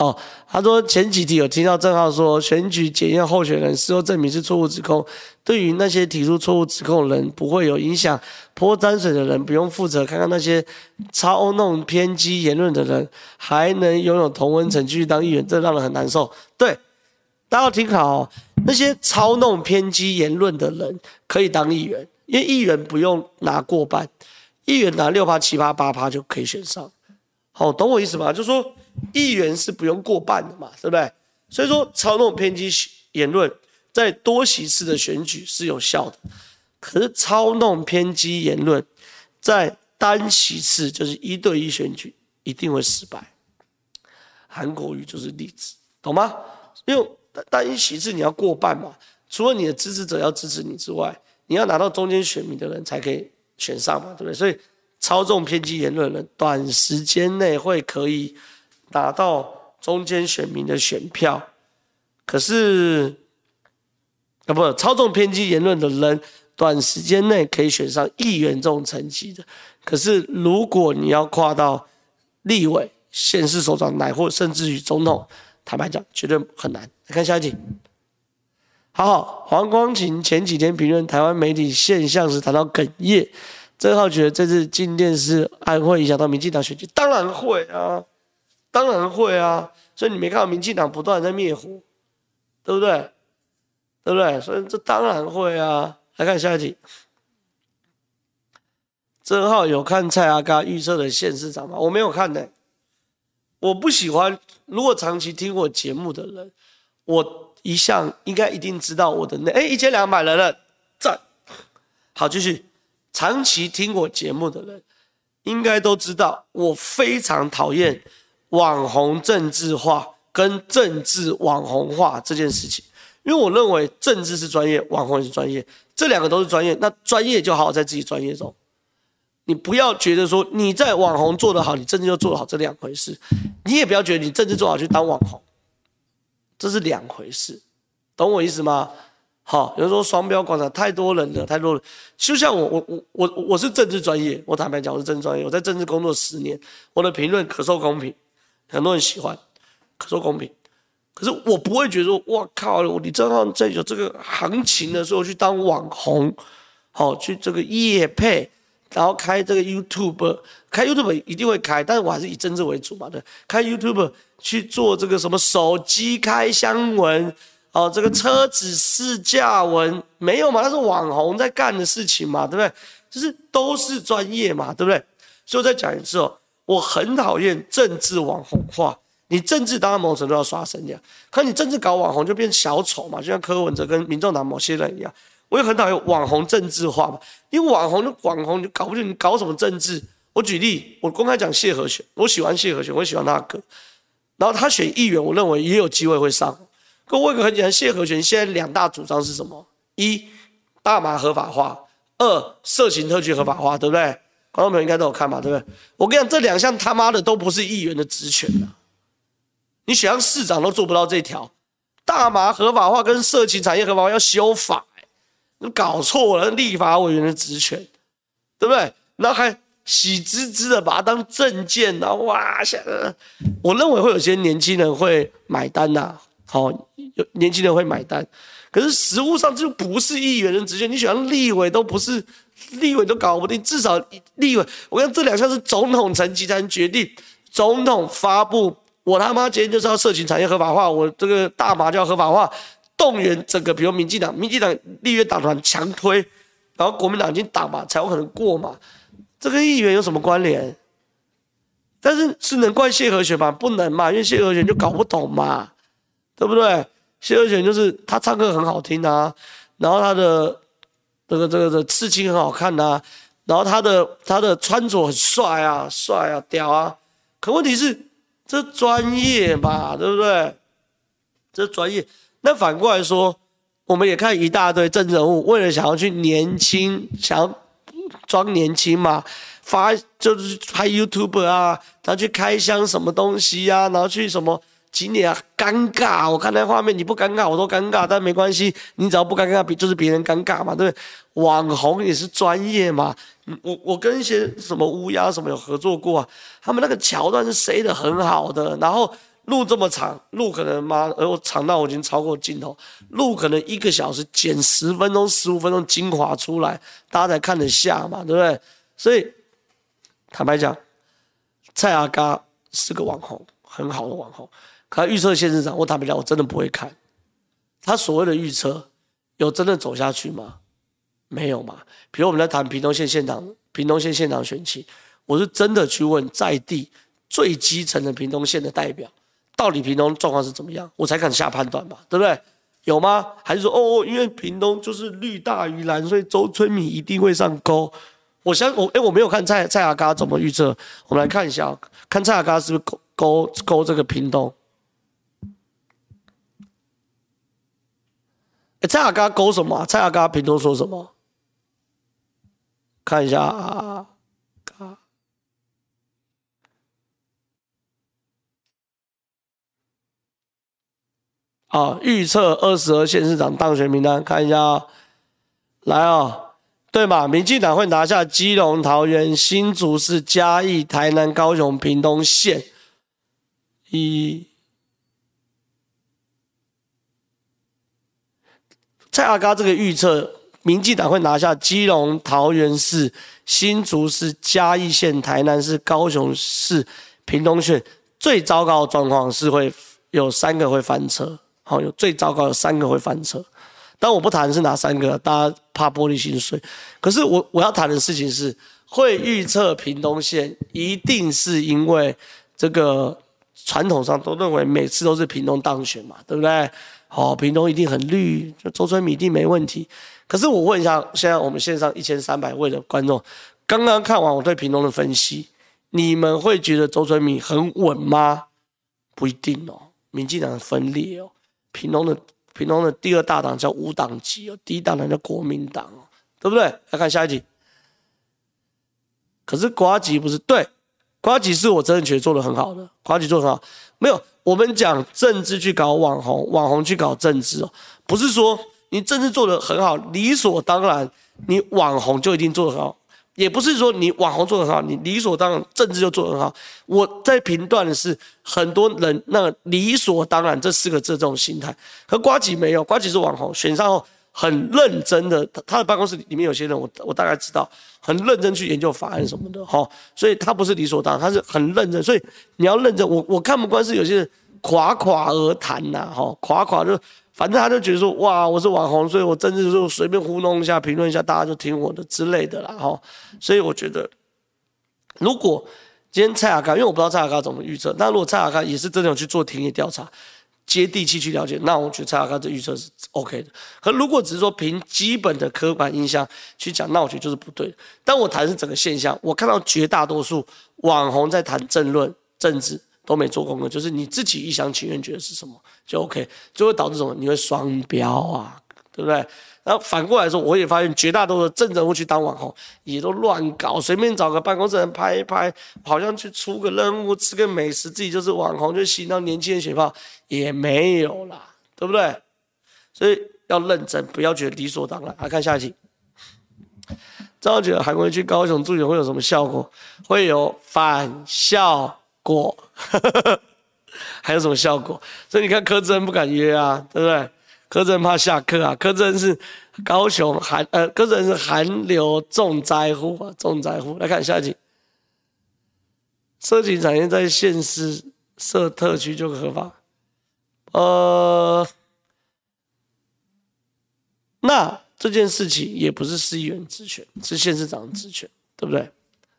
哦，他說前幾題有聽到正皓說選舉檢驗候選人，事後證明是錯誤指控，對於那些提出錯誤指控的人不會有影響，潑髒水的人不用負責。看看那些操弄偏激言論的人，還能擁有同溫層繼續當議員，這讓人很難受。對，大家要聽好、哦，那些操弄偏激言論的人可以當議員，因為議員不用拿過半，議員拿六趴、七趴、八趴就可以選上。好、哦，懂我意思嗎？就說。議員是不用過半的嘛，對不對？所以說，操弄偏激言論在多席次的選舉是有效的，可是操弄偏激言論在單席次就是一對一選舉一定會失敗。韓國瑜就是例子，懂嗎？因為單席次你要過半嘛，除了你的支持者要支持你之外，你要拿到中間選民的人才可以選上嘛，對不對？所以操弄偏激言論的人，短時間內會可以。拿到中間選民的選票，可是，啊不，操縱偏激言論的人，短時間內可以選上議員這種層級的。可是，如果你要跨到立委、縣市首長，乃或甚至於總統，坦白講，絕對很難。再看下一題。好好，黃光芹前幾天評論台灣媒體現象時談到哽咽，鄭浩覺得這次進電視，安會影響到民進黨選舉？當然會啊。當然會啊，所以你沒看到民進黨不斷在滅火，對不對？對不對？所以這當然會啊。來看下一題。正皓有看蔡阿嘎預測的縣市長嗎？我沒有看呢、欸。我不喜歡如果長期聽我節目的人，我一向應該一定知道我的內哎一千兩百人了，讚。好，繼續。長期聽我節目的人，應該都知道我非常討厭、嗯。網紅政治化跟政治網紅化這件事情，因為我認為政治是專業，網紅也是專業，這兩個都是專業。那專業就好好在自己專業中，你不要覺得說你在網紅做得好，你政治就做得好，這兩回事。你也不要覺得你政治做好去當網紅，這是兩回事，懂我意思嗎？好，有人說雙標廣場太多人了，太多人，就像我，我我我我是政治專業，我坦白講我是政治專業，我在政治工作十年，我的評論可受公平。很多人喜歡，可說公平，可是我不會覺得說，我靠，你正好在有這個行情的時候去當網紅，好、哦、去這個業配，然後開這個 YouTube，開 YouTube 一定會開，但是我還是以政治為主嘛，對，開 YouTube 去做這個什麼手機開箱文，哦，這個車子試駕文，沒有嘛？那是網紅在幹的事情嘛，對不對？就是都是專業嘛，對不對？所以我再講一次哦。我很討厭政治網紅化，你政治當然某程度要刷身價，可你政治搞網紅就變小丑嘛，就像柯文哲跟民眾黨某些人一樣。我也很討厭網紅政治化嘛，你網紅的網紅，你搞不定你搞什麼政治。我舉例，我公開講謝和弦，我喜歡謝和弦，我喜歡他的歌。然後他選議員，我認為也有機會會上。各位，一個很簡單，謝和弦現在兩大主張是什麼？一大麻合法化，二色情特區合法化，對不對？觀眾朋友應該都有看嘛，對不對？我跟你講，這兩項他媽的都不是議員的職權啦。你選上市長都做不到這條。大麻合法化跟色情產業合法化要修法，欸，你搞錯了，立法委員的職權，對不對？那還喜滋滋的把它當政見呢，然後哇，嚇我認為會有些年輕人會買單吶，啊，好，哦，有年輕人會買單。可是實務上就不是議員的職權，你選上立委都不是。立委都搞不定，至少立委，我看這兩項是總統層級才能決定，總統發布。我他媽今天就是要色情產業合法化，我這個大麻就要合法化，動員整個，比如民進黨，民進黨立院黨團強推，然後國民黨已經打嘛，才有可能過嘛。這跟議員有什麼關聯？但是是能怪謝和弦嗎？不能嘛，因為謝和弦就搞不懂嘛，對不對？謝和弦就是他唱歌很好聽啊，然後他的。這個這個這刺青很好看吶、啊，然後他的他的穿着很帥啊，帥啊，屌啊！可問題是，這專業嘛，對不對？這專業。那反過來說，我們也看一大堆政治人物，為了想要去年輕，想要裝年輕嘛，發就是拍 YouTube 啊，他去開箱什麼東西呀、啊，然後去什麼。今年啊，尷尬！我看那畫面，你不尷尬，我都尷尬。但沒關係，你只要不尷尬，比就是別人尷尬嘛，對不對？網紅也是專業嘛。我我跟一些什麼烏鴉什麼有合作過啊，他們那個橋段是塞的很好的。然後錄這麼長，錄可能媽，而我長到我已經超過鏡頭，錄可能一個小時剪十分鐘、十五分鐘精華出來，大家才看得下嘛，對不對？所以坦白講，蔡阿嘎是個網紅，很好的網紅。他預測縣市長，我談不了，我真的不會看。他所謂的預測，有真的走下去嗎？沒有嘛。比如我們在談屏東縣縣長，屏東縣縣長選舉，我是真的去問在地最基層的屏東縣的代表，到底屏東狀況是怎麼樣，我才敢下判斷嘛，對不對？有嗎？還是說，哦哦，因為屏東就是綠大於藍，所以周春米一定會上鈎？我想我，誒、欸，我沒有看蔡蔡阿嘎怎麼預測，我們來看一下，看蔡阿嘎是不是勾勾勾這個屏東。欸、蔡阿嘎勾什麼、啊？蔡阿嘎平東說什麼？看一下啊！啊，預測二十二縣市長當選名單，看一下、哦。來啊、哦，對嘛，民進黨會拿下基隆、桃園、新竹市、嘉義、台南、高雄、屏東縣。一。蔡阿嘎這個預測，民進黨會拿下基隆、桃園市、新竹市、嘉義縣、台南市、高雄市、屏東縣。最糟糕的狀況是會有三個會翻車，好，有最糟糕的三個會翻車。但我不談是哪三個，大家怕玻璃心碎。可是我我要談的事情是，會預測屏東縣一定是因為這個傳統上都認為每次都是屏東當選嘛，對不對？好，屏東一定很綠，就周春米一定沒問題。可是我問一下，現在我們線上一千三百位的觀眾，剛剛看完我對屏東的分析，你們會覺得周春米很穩嗎？不一定哦，民進黨分裂哦，屏東的屏東的第二大黨叫無黨籍哦，第一大黨叫國民黨哦，對不對？來看下一集。可是呱吉不是對，呱吉是我真的覺得做得很好的，呱吉做得很好，沒有。我們講政治去搞網紅，網紅去搞政治，不是說你政治做得很好，理所當然你網紅就一定做得很好，也不是說你網紅做得很好，你理所當然政治就做得很好。我在評斷的是很多人那個、理所當然這四個字這種心態，可呱吉沒有，呱吉是網紅選上後。很認真的，他他的辦公室裡面有些人，我我大概知道，很認真去研究法案什麼的，哈，所以他不是理所當然，他是很認真，所以你要認真。我我看不慣是有些人誇誇而談吶，哈，誇誇就反正他就覺得說，哇，我是網紅，所以我真的是隨便糊弄一下，評論一下大家就聽我的之類的啦，哈，所以我覺得，如果今天蔡阿嘎，因為我不知道蔡阿嘎怎麼預測，但如果蔡阿嘎也是這種去做田野調查。接地氣去了解，那我覺得蔡老闆這預測是 OK 的。可如果只是說憑基本的刻板印象去講，那我覺得就是不對的。但我談是整個現象，我看到絕大多數網紅在談政論、政治都沒做功課，就是你自己一廂情願覺得是什麼就 OK，就會導致什麼？你會雙標啊，對不對？然後反過來說，我也發現絕大多數政治人物去當網紅，也都亂搞，隨便找個辦公室人拍一拍，好像去出個任務，吃個美食，自己就是網紅，就吸引到年輕人血泡也沒有啦，對不對？所以要認真，不要覺得理所當然。來看下一期趙姐還會去高雄助講，會有什麼效果？會有反效果， 還有什麼效果？所以你看柯志恩不敢約啊，對不對？柯震怕下課啊！柯震是高雄韓，呃，柯震是韓流重災戶啊，重災戶。來看下一題：色情產業在縣市設特區就合法？呃，那這件事情也不是市議員職權，是縣市長職權，對不對？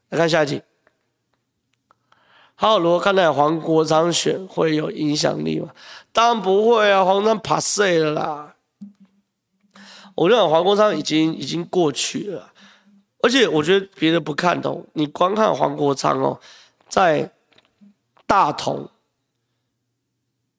來看下一題。還如果看待黃國昌選會有影響力嗎？當然不會啊，黃國昌 pass 了啦。我認為黃國昌已經已經過去了，而且我覺得別的不看懂哦，你光看黃國昌哦，在大同，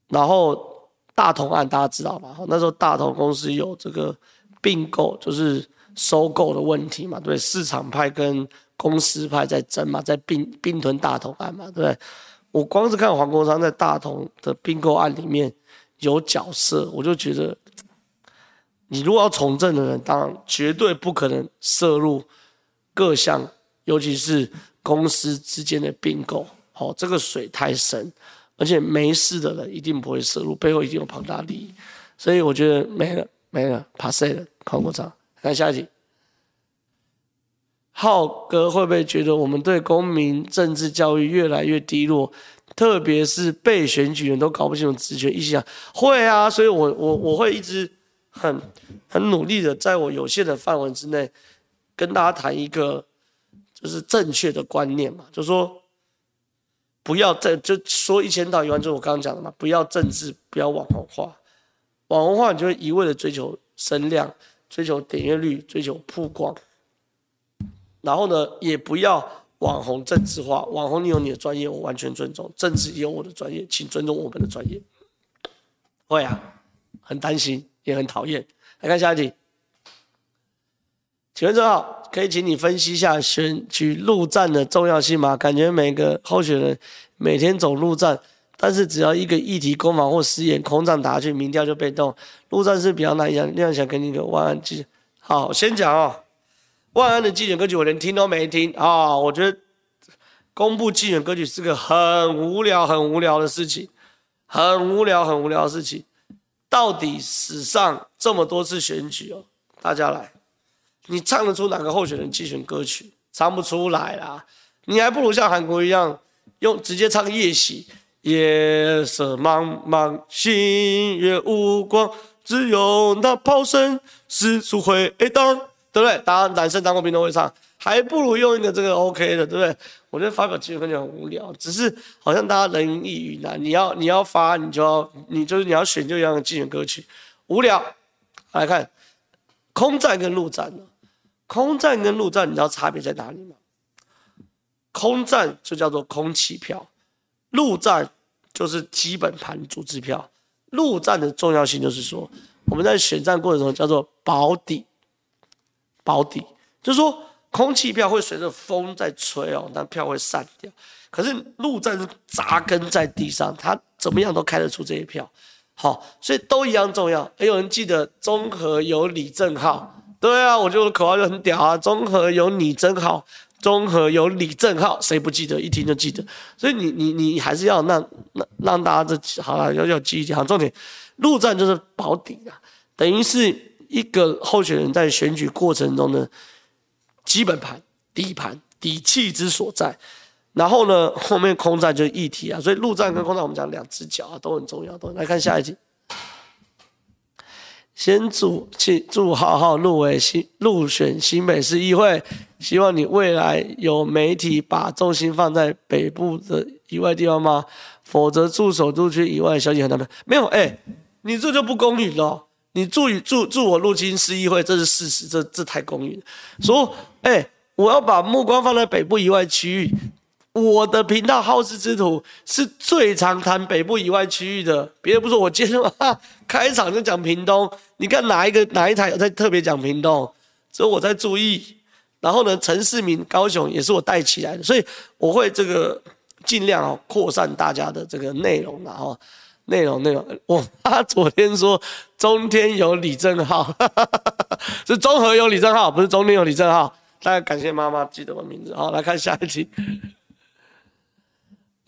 然後大同案大家知道吧？那時候大同公司有這個併購，就是收購的問題嘛，對市場派跟，公司派在爭嘛，在併併吞大同案嘛，對不對？我光是看黃國昌在大同的併購案裡面有角色，我就覺得，你如果要從政的人，當然絕對不可能涉入各項，尤其是公司之間的併購。好、哦，這個水太深，而且沒事的人一定不會涉入，背後一定有龐大利益。所以我覺得沒了，沒了，怕死了，黃國昌，看下一題。浩哥會不會覺得我們對公民政治教育越來越低落？特別是被選舉人都搞不清楚職權，一起講，會啊，所以我我我會一直很很努力的，在我有限的範圍之內，跟大家談一個就是正確的觀念嘛，就說不要政，就說一千道一萬，就是我剛剛講的嘛，不要政治，不要網紅化，網紅化你就會一味的追求聲量，追求點閱率，追求曝光。然後呢，也不要網紅政治化。網紅你有你的專業，我完全尊重；政治也有我的專業，請尊重我們的專業。會啊，很擔心，也很討厭。來看下一題，請問正皓？可以請你分析一下選舉陸戰的重要性嗎？感覺每個候選人每天走陸戰，但是只要一個議題攻防或失言空戰打下去，民調就被動。陸戰是比較難講，亮想給你一個萬安計。好，先講哦。萬安的競選歌曲我連聽都沒聽啊、哦！我覺得公布競選歌曲是個很無聊、很無聊的事情，很無聊、很無聊的事情。到底史上這麼多次選舉哦，大家來，你唱得出哪個候選人競選歌曲？唱不出來啦，你還不如像韓國瑜一樣，用直接唱個夜《夜襲》。夜色茫茫，星月無光，只有那炮聲四處回盪。對不對？大家男生當過兵都會唱，還不如用一個這個 OK 的，對不對？我覺得發表競選歌很無聊，只是好像大家人云亦云、啊、你要你要發，你就要你就是你要選就一樣的競選歌曲，無聊。來看空戰跟陸戰，空戰跟陸戰，你知道差別在哪裡嗎？空戰就叫做空氣票，陸戰就是基本盤組織票。陸戰的重要性就是說，我們在選戰過程中叫做保底。保底就是說，空氣票會隨着風在吹哦，那票會散掉。可是陸戰是扎根在地上，它怎麼樣都開得出這些票。好，所以都一樣重要。還有人記得中和有李正皓？對啊，我覺得我口號就很屌啊！中和有你真好，中和有李正皓，誰不記得？一聽就記得。所以你你你還是要讓讓讓大家這好啦要要記一記。好，重點，陸戰就是保底啊，等於是。一個候選人在選舉過程中的基本盤、底盤、底氣之所在，然後呢，後面空戰就是議題啊。所以陸戰跟空戰，我們講兩隻腳啊，都很重要。都來看下一集，先祝祝浩浩入圍新入選新北市議會，希望你未來有媒體把重心放在北部的以外的地方嗎？否則住首都區以外的消息很難的。沒有，哎，你這就不公允了哦。你助助助我入侵市議會，這是事實，這這太公允了。說，哎、欸，我要把目光放在北部以外區域。我的頻道皓事之徒是最常談北部以外區域的，別人不說，我接着麼開場就講屏東。你看哪一個哪一台在特別講屏東，所以我在注意。然後呢，陳世明、高雄也是我帶起來的，所以我會這個盡量擴散大家的這個內容，然後。內容內容，我媽昨天說中天有李正皓，哈哈哈哈是綜合有李正皓，不是中天有李正皓。大家感謝媽媽記得我名字。好，來看下一期。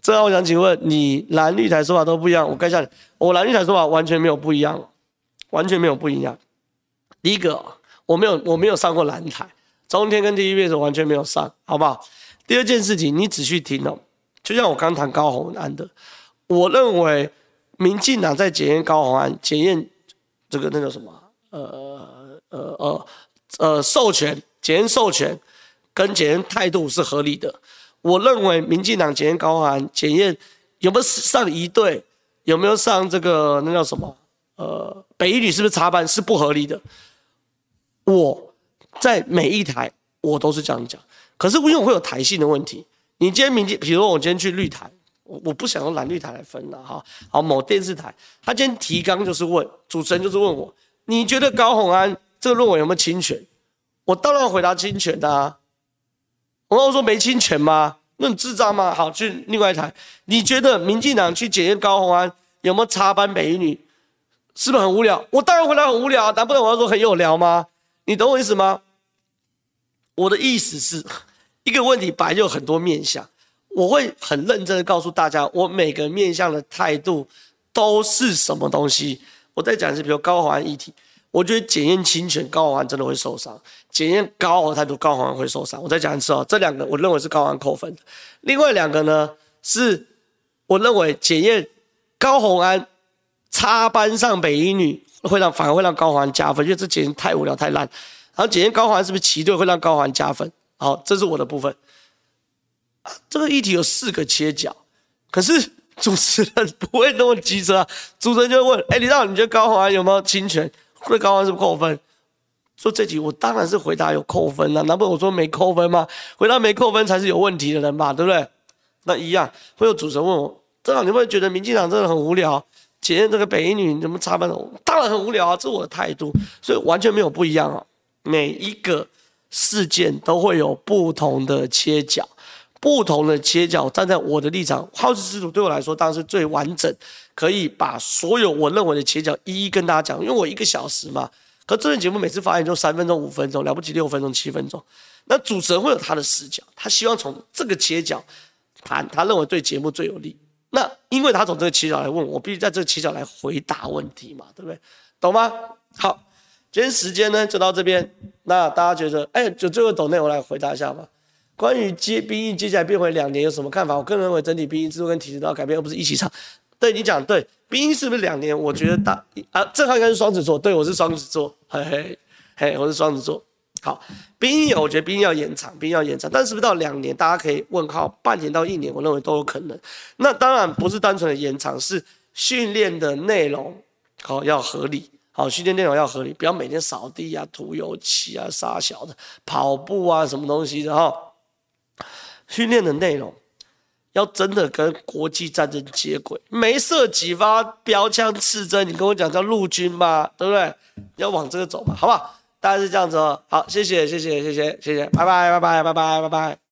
最後我想請問你，藍綠台說法都不一樣。我跟下一，我藍綠台說法完全沒有不一樣，完全沒有不一樣。第一個，我沒有我沒有上過藍台，中天跟 TVBS 完全沒有上，好不好？第二件事情，你仔細聽哦、喔，就像我剛談高虹安的，我認為。民進黨在檢驗高虹安，檢驗這個那叫什麼？呃呃呃呃，授權檢驗授權跟檢驗態度是合理的。我認為民進黨檢驗高虹安，檢驗有沒有上儀隊，有沒有上這個那叫什麼？呃，北一女是不是插班是不合理的？我在每一台我都是這樣講，可是因為我會有台性的問題。你今天民進，比如說我今天去綠台。我我不想用藍綠台來分了哈。好，某電視台，他今天提綱就是問主持人，就是問我，你覺得高虹安這個論文有沒有侵權？我當然回答侵權的啊。我要說沒侵權嗎？那你智障嗎？好，去另外一台。你覺得民進黨去檢驗高虹安有沒有插班美女，是不是很無聊？我當然回答很無聊啊，難不成我要說很有聊嗎？你懂我意思嗎？我的意思是，一個問題本來就有很多面向。我會很認真地告訴大家，我每個面向的態度都是什麼東西。我再講一次，比如高虹安議題，我覺得檢驗侵權高虹安真的會受傷；檢驗高傲態度高虹安會受傷。我再講一次哦，這兩個我認為是高虹安扣分。另外兩個呢，是我認為檢驗高虹安插班上北一女會讓反而會讓高虹安加分，因為這檢驗太無聊太爛。然後檢驗高虹安是不是齊隊會讓高虹安加分。好，哦，這是我的部分。啊、這個議題有四個切角，可是主持人不會那麼機車啊。主持人就會問，哎、欸，正皓你覺得高虹安、啊、有沒有侵權？或者高虹安是不是扣分？說這題我當然是回答有扣分啊，難不我說沒扣分嗎？回答沒扣分才是有問題的人吧，對不對？那一樣會有主持人問我，正皓你會不會覺得民進黨真的很無聊、啊？前面這個北一女怎麼插班的？當然很無聊啊，這是我的態度，所以完全沒有不一樣啊。每一個事件都會有不同的切角。不同的切角，站在我的立場，皓事之徒對我來說當然是最完整，可以把所有我認為的切角一一跟大家講，因為我一個小時嘛，可這個節目每次發言就三分鐘、五分鐘，了不起六分鐘、七分鐘，那主持人會有他的視角，他希望從這個切角談他認為對節目最有利，那因為他從這個切角來問我，我必須在這個切角來回答問題嘛，對不對？懂嗎？好，今天時間呢就到這邊，那大家覺得，哎、欸，就最後懂的我來回答一下嘛。關於接兵役接下來變回兩年有什麼看法？我個人認為整體兵役制度跟體制都要改變，而不是一起唱。對你講，對，兵役是不是兩年？我覺得大啊，正好應該是雙子座。對，我是雙子座，嘿嘿嘿，我是雙子座。好，兵役有，我覺得兵役要延長，兵役要延長，但是不到兩年，大家可以問號，半年到一年，我認為都有可能。那當然不是單純的延長，是訓練的內容好、哦、要合理，好訓練內容要合理，不要每天掃地啊、塗油漆啊、沙小的、跑步啊什麼東西的哈。哦訓練的內容要真的跟國際戰爭接軌，沒射幾發標槍刺針，你跟我講叫陸軍吧，對不對？要往這個走吧，好不好？大概是這樣子哦。好，謝謝，謝謝，謝謝，謝謝，拜拜，拜拜，拜拜，拜拜。